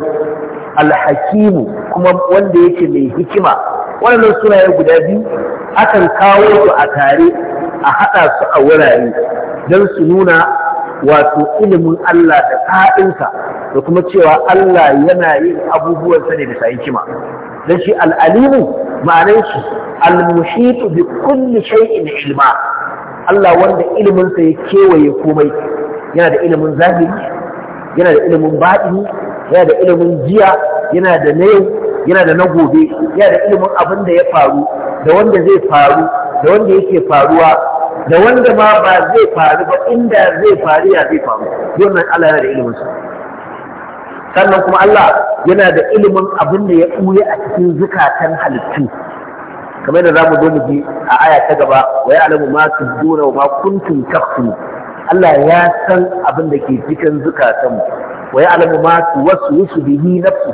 alhakimu kuma wanda yake mai hikima suna sunaye guda biyu akan kawo su a tare a haɗa su a wurare don su nuna wato ilimin Allah da fa'insa da kuma cewa Allah yana yin sa ne bisa hikima dan shi al'alimu ma'anar shi al-muhitu bi kulli shay'in ilma Allah wanda iliminsa ya kewaye komai yana da ilimin zahiri yana da ilimin baɗini yana da ilimin jiya yana da yau yana da na gobe yana da ilimin abin da ya faru da wanda zai faru da wanda yake faruwa da wanda ma ba zai faru ba inda zai faru ya zai faru domin Allah yana da ilimin su. sannan kuma Allah yana da ilimin abin da ya ɓuya a cikin zukatan halittu kamar da zamu zo mu a aya ta gaba wai alamu ma su wa ma kuntum Allah ya san abin da ke cikin zukatan wai alamu ma su wasu, tuwaswisu bihi nafsu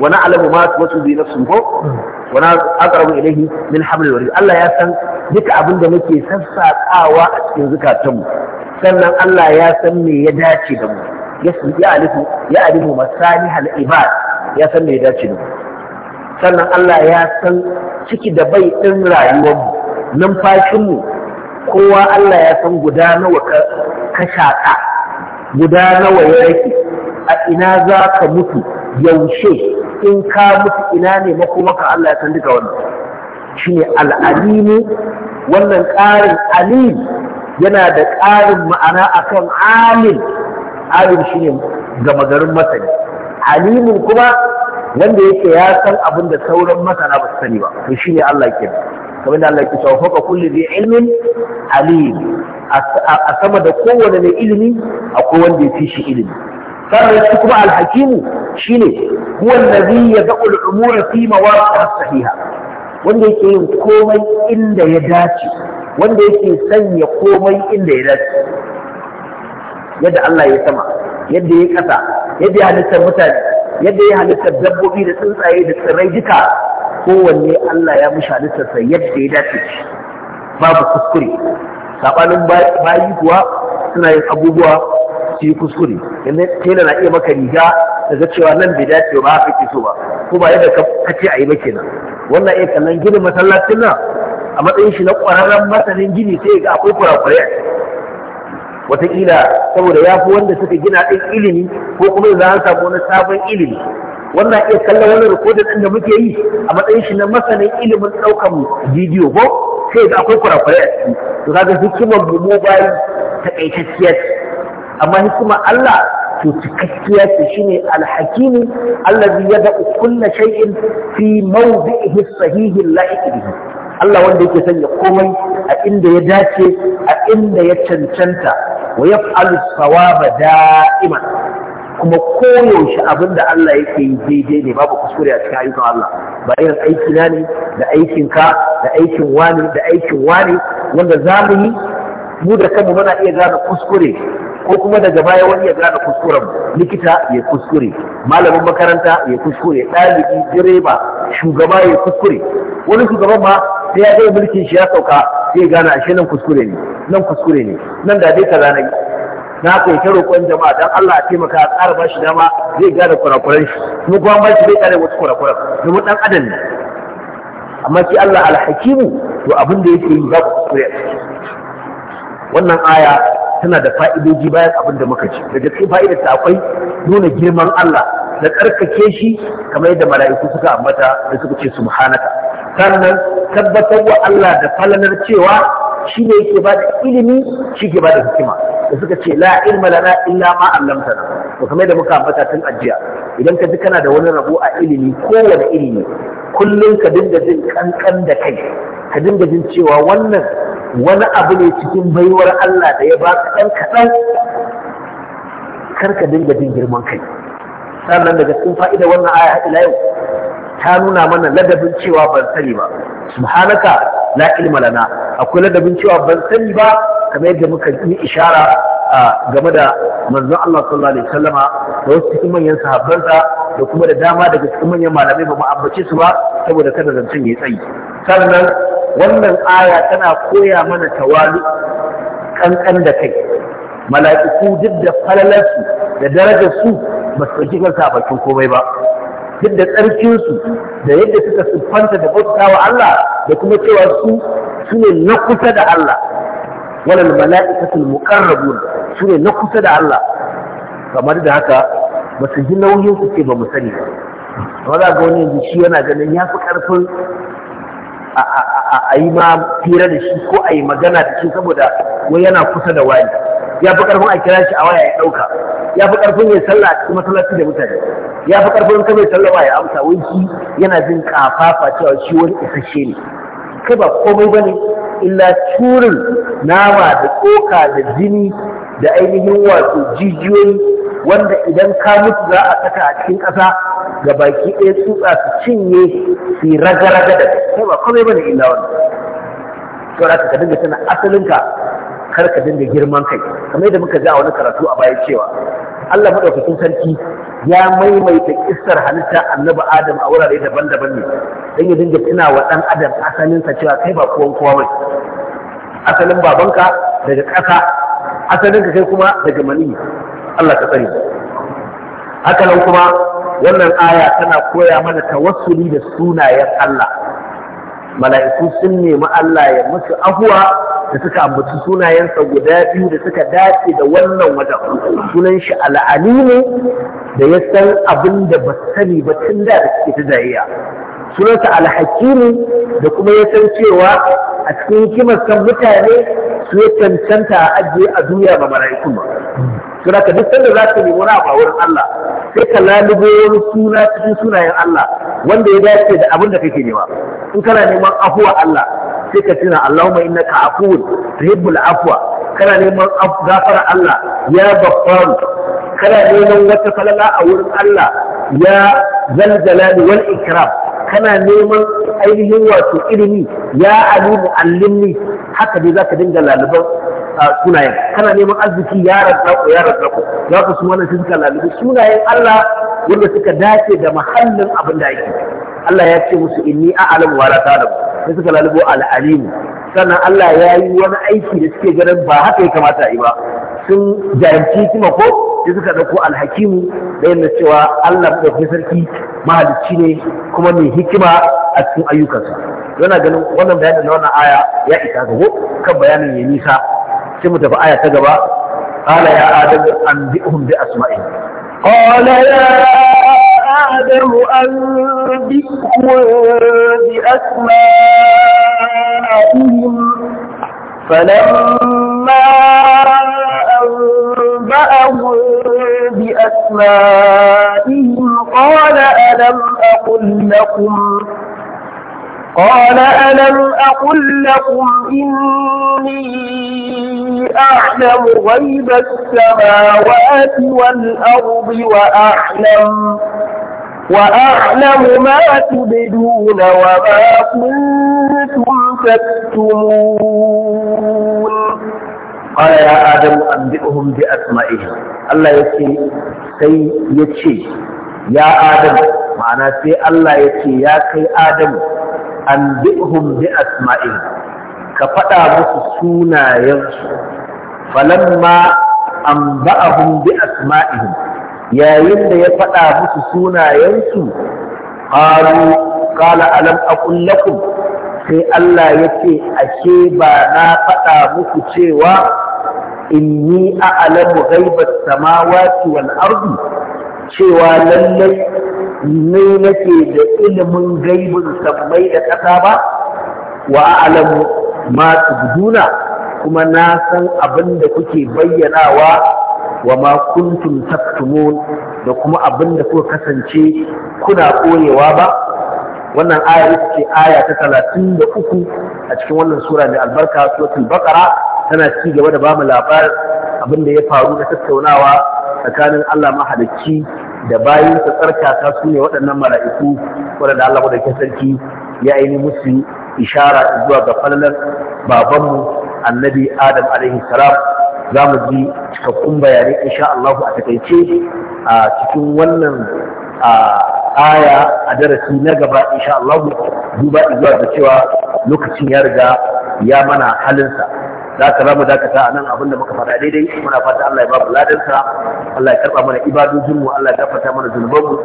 wa na'lamu ma wasu bi nafsi ko wa na aqrabu ilayhi min hablil Allah ya san duka abin da muke sassaƙawa a cikin zukatanmu sannan Allah ya san me ya dace da mu ya alifu ya alifu masalihal ibad ya san me ya dace da mu sannan Allah ya san ciki da bai din rayuwarmu numfashinmu kowa Allah ya san guda nawa ka shaƙa guda nawa ya rage a ina za ka mutu yaushe in ka mutu ina ne makomaka Allah ya san wannan shi ne al'alimu wannan ƙarin alim yana da ƙarin ma'ana akan alim alim shi ne gama garin masani alimin kuma wanda yake ya san abin da sauran masana ba su sani ba to shi ne Allah ke kamar da Allah ke cewa faka kulli bi ilmin alim a sama da kowane mai ilimi akwai wanda ya fi shi ilimi sannan shi kuma alhakimu shine huwa allazi yad'u al-umura fi mawaqi'ha sahiha wanda yake yin komai inda ya dace wanda yake sanya komai inda ya dace yadda Allah ya sama yadda ya kasa yadda ya halittar mutane yadda ya halittar dabbobi da tsuntsaye da tsirrai duka kowanne Allah ya mishi halittarsa yadda ya dace babu kuskure sabanin bayi kuwa suna yin abubuwa su yi kuskure inda tela na iya maka riga daga cewa nan bai dace ba haka ke so ba ko ba yadda ka ce a yi ba kenan wannan iya kallon gidan masallacin nan a matsayin shi na ƙwararren masanin gini sai ga akwai kurakurai a wataƙila saboda ya fi wanda suka gina ɗin ilimi ko kuma za a samu wani sabon ilimi wannan iya kallon wani rikodin ɗin da muke yi a matsayin shi na masanin ilimin ɗaukan bidiyo ko sai ga akwai kurakurai a ciki to kaga hikimar mu mobile takaitacciya ce amma hikima Allah to cikakkiya ce shine alhakimi allazi yada'u kullu shay'in fi mawdi'ihi sahihi la'iqi Allah wanda yake sanya komai a inda ya dace a inda ya cancanta wa yaf'alu sawaba da'iman kuma koyaushe abin da Allah yake yi daidai ne babu kuskure a cikin ayyukan Allah ba irin aiki na ne da aikin ka da aikin wani da aikin wani wanda za mu yi mu da kanmu muna iya gane kuskure ko kuma daga baya wani ya gane kuskuren likita ya kuskure malamin makaranta ya kuskure ɗalibi direba shugaba ya kuskure wani shugaban ma sai ya gaya mulkin shi ya sauka sai gane ashe nan kuskure ne nan kuskure ne nan da dai kaza nayi na yi karo roƙon jama'a dan Allah a taimaka a ƙara bashi dama zai gane kurakuran shi kuma kuma ba shi bai ƙare wasu kurakuran domin ɗan adam ne amma shi Allah alhakimu to abin da yake yi za ku kuskure wannan aya tana da fa'idoji bayan abin da muka ci daga cikin fa'idar ta akwai nuna girman Allah da tsarkake shi kamar yadda mala'iku suka ambata da suka ce subhanaka sannan tabbatar wa Allah da falanar cewa shi ne yake ba da ilimi shi ke ba da hikima da suka ce la ilma lana illa ma allamtana to kamar yadda muka ambata tun ajiya idan ka ji kana da wani rabo a ilimi kowane ilimi kullum ka dinga jin kankan da kai ka dinga jin cewa wannan wani abu ne cikin baiwar Allah da ya baka ɗan kaɗan karka dinga jin girman kai sannan daga cikin fa'ida wannan aya ila yau ta nuna mana ladabin cewa ban sani ba subhanaka la ilma lana akwai ladabin cewa ban sani ba kamar yadda muka yi ishara game da manzon Allah sallallahu alaihi wasallama da wasu cikin manyan sahabbansa da kuma da dama daga cikin manyan malamai ba mu ambace su ba saboda kada zancen ya tsayi sannan wannan aya tana koya mana tawalu kankan da kai mala'iku duk da falalarsu da darajarsu ba su ɗauki kansa a bakin komai ba duk da tsarkinsu da yadda suka siffanta da bauta Allah da kuma cewa su su ne na kusa da Allah walal mala'ikatul muqarrabun su ne na kusa da Allah kamar da haka ba su ji nauyin su ce ba mu sani ba ga wani yanzu shi yana ganin ya fi karfin a yi ma fira da shi ko a yi magana da shi saboda wai yana kusa da wani ya fi karfin a kira shi a waya ya ɗauka ya fi karfin ya sallah a cikin masallaci da mutane ya fi karfin kame mai sallama ya amsa wai shi yana jin kafafa cewa shi wani isasshe ne kai ba komai bane illa turin nama da tsoka da jini da ainihin wato jijiyoyi wanda idan ka mutu za a saka a cikin ƙasa ga baki ɗaya tsutsa su cinye su raga-raga da kai ba komai bane illa wannan to da ka dinga tana asalinka kar ka dinga girman kai kamar yadda muka ji a wani karatu a baya cewa Allah madaukakin sarki ya maimaita kissar halitta annabi Adam a wurare daban-daban ne dan ya dinga tunawa wa dan Adam asalinsa cewa kai ba kowan kowa bane asalin babanka daga ƙasa asalinka kai kuma daga mani Allah ka tsare haka nan kuma wannan aya tana koya mana tawassuli da sunayen Allah mala'iku sun nemi Allah ya musu afuwa da suka ambaci sunayensa guda biyu da suka dace da wannan wajen sunan shi al'alimu da ya san abin da ba sani ba tun da da suke ta jayayya sunansa alhakimu da kuma ya san cewa a cikin san mutane su ya cancanta a ajiye a duniya ba mala'iku ba don haka duk sanda za ka nemi wani abu a wurin Allah sai ka lalubo wani suna cikin sunayen Allah wanda ya dace da abin da kake nema in kana neman afuwa Allah sai ka tuna Allahumma innaka afuwun tuhibbul afwa kana neman gafara Allah ya gaffaru kana neman wata falala a wurin Allah ya zaljalali wal ikram kana neman ainihin wato ilimi ya alimu allimni haka dai zaka dinga laluban sunayen kana neman arziki ya rasa ko ya rasa ko za su wannan suka lalibi sunayen Allah wanda suka dace da mahallin abin da yake Allah ya ce musu inni a'lamu wa la ta'lamu sai suka al sannan Allah ya yi wani aiki da suke ganin ba haka ya kamata yi ba sun jahilci kuma ko sai suka dauko al-hakimu da yana cewa Allah da sarki mahalicci ne kuma mai hikima a cikin ayyukansa yana ganin wannan bayanin na wannan aya ya isa ga kan bayanin ya nisa sai mu tafi aya ta gaba qala ya adam anbi'uhum bi asma'i qala ya adam anbi'uhum bi asma'ihim فلما أنبأهم بأسمائهم قال ألم أقل لكم قال ألم أقل لكم إني أعلم غيب السماوات والأرض وأعلم وأعلم ما تبدون وما كنتم تكتمون قال يا آدم أنبئهم بأسمائهم الله يكي سي يكي يا آدم معنى سي الله يكي يا كي آدم an bi asma'in ka faɗa musu sunayensu falamma an ba'ahum bi asma'ihim yayin da ya faɗa musu sunayensu qalu qala alam aqul lakum sai Allah yake ashe ba na faɗa muku cewa inni a'lamu ghaibas samawati wal ardi cewa lallai ni nake da ilimin gaibin sammai da ƙasa ba wa a'lamu ma tubduna kuma na san abin da kuke bayyanawa wa ma kuntum taktumun da kuma abin da kuka kasance kuna koyewa ba wannan aya ita ce aya ta talatin da uku a cikin wannan sura mai albarka suratul baqara tana ci gaba da bamu labarin abin da ya faru da tattaunawa tsakanin Allah mahalicci da bayin su tsarkaka su ne waɗannan mala'iku waɗanda Allah da ke sarki ya aini musu ishara zuwa ga falalar babanmu annabi Adam alaihi salam za mu ji cikakkun bayanai insha Allah a takaice a cikin wannan aya a darasi na gaba insha Allah duba zuwa da cewa lokacin ya riga ya mana halinsa da aka zamu dakata a nan da muka faɗa daidai muna fata Allah ya ba mu Allah ya karɓa mana ibadojin mu Allah ya gafarta mana zunuban mu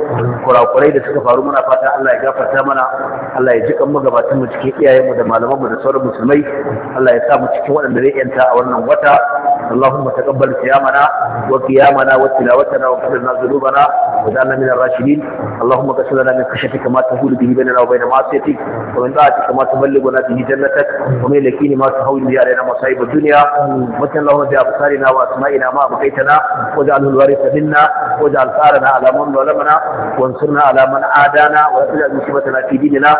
kurakurai da suka faru muna fata Allah ya gafarta mana Allah ya ji kan magabatan mu cikin iyayen mu da malaman mu da sauran musulmai Allah ya sa mu cikin waɗanda zai yanta a wannan wata اللهم تقبل صيامنا وقيامنا وتلاوتنا وغفر لنا ذنوبنا rashidin allahumma الراشدين اللهم اغفر لنا من خشيتك ما تهول به بيننا وبين معصيتك ومن طاعتك ما تبلغنا به جنتك ومن اليقين ما تهون به علينا مصائب في الدنيا وكن اللهم بأبصارنا وأسمائنا ما بقيتنا واجعله الوارث منا واجعل ثارنا على من ظلمنا وانصرنا على من عادانا ولا تجعل مصيبتنا في ديننا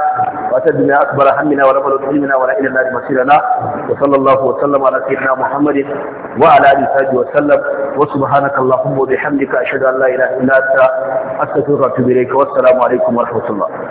وأتدنا أكبر همنا ولا بلغ علمنا ولا إلى النار مصيرنا وصلى الله وسلم على سيدنا محمد وعلى آله وصحبه وسلم وسبحانك اللهم وبحمدك أشهد أن لا إله إلا أنت أستغفرك وأتوب إليك والسلام عليكم ورحمة الله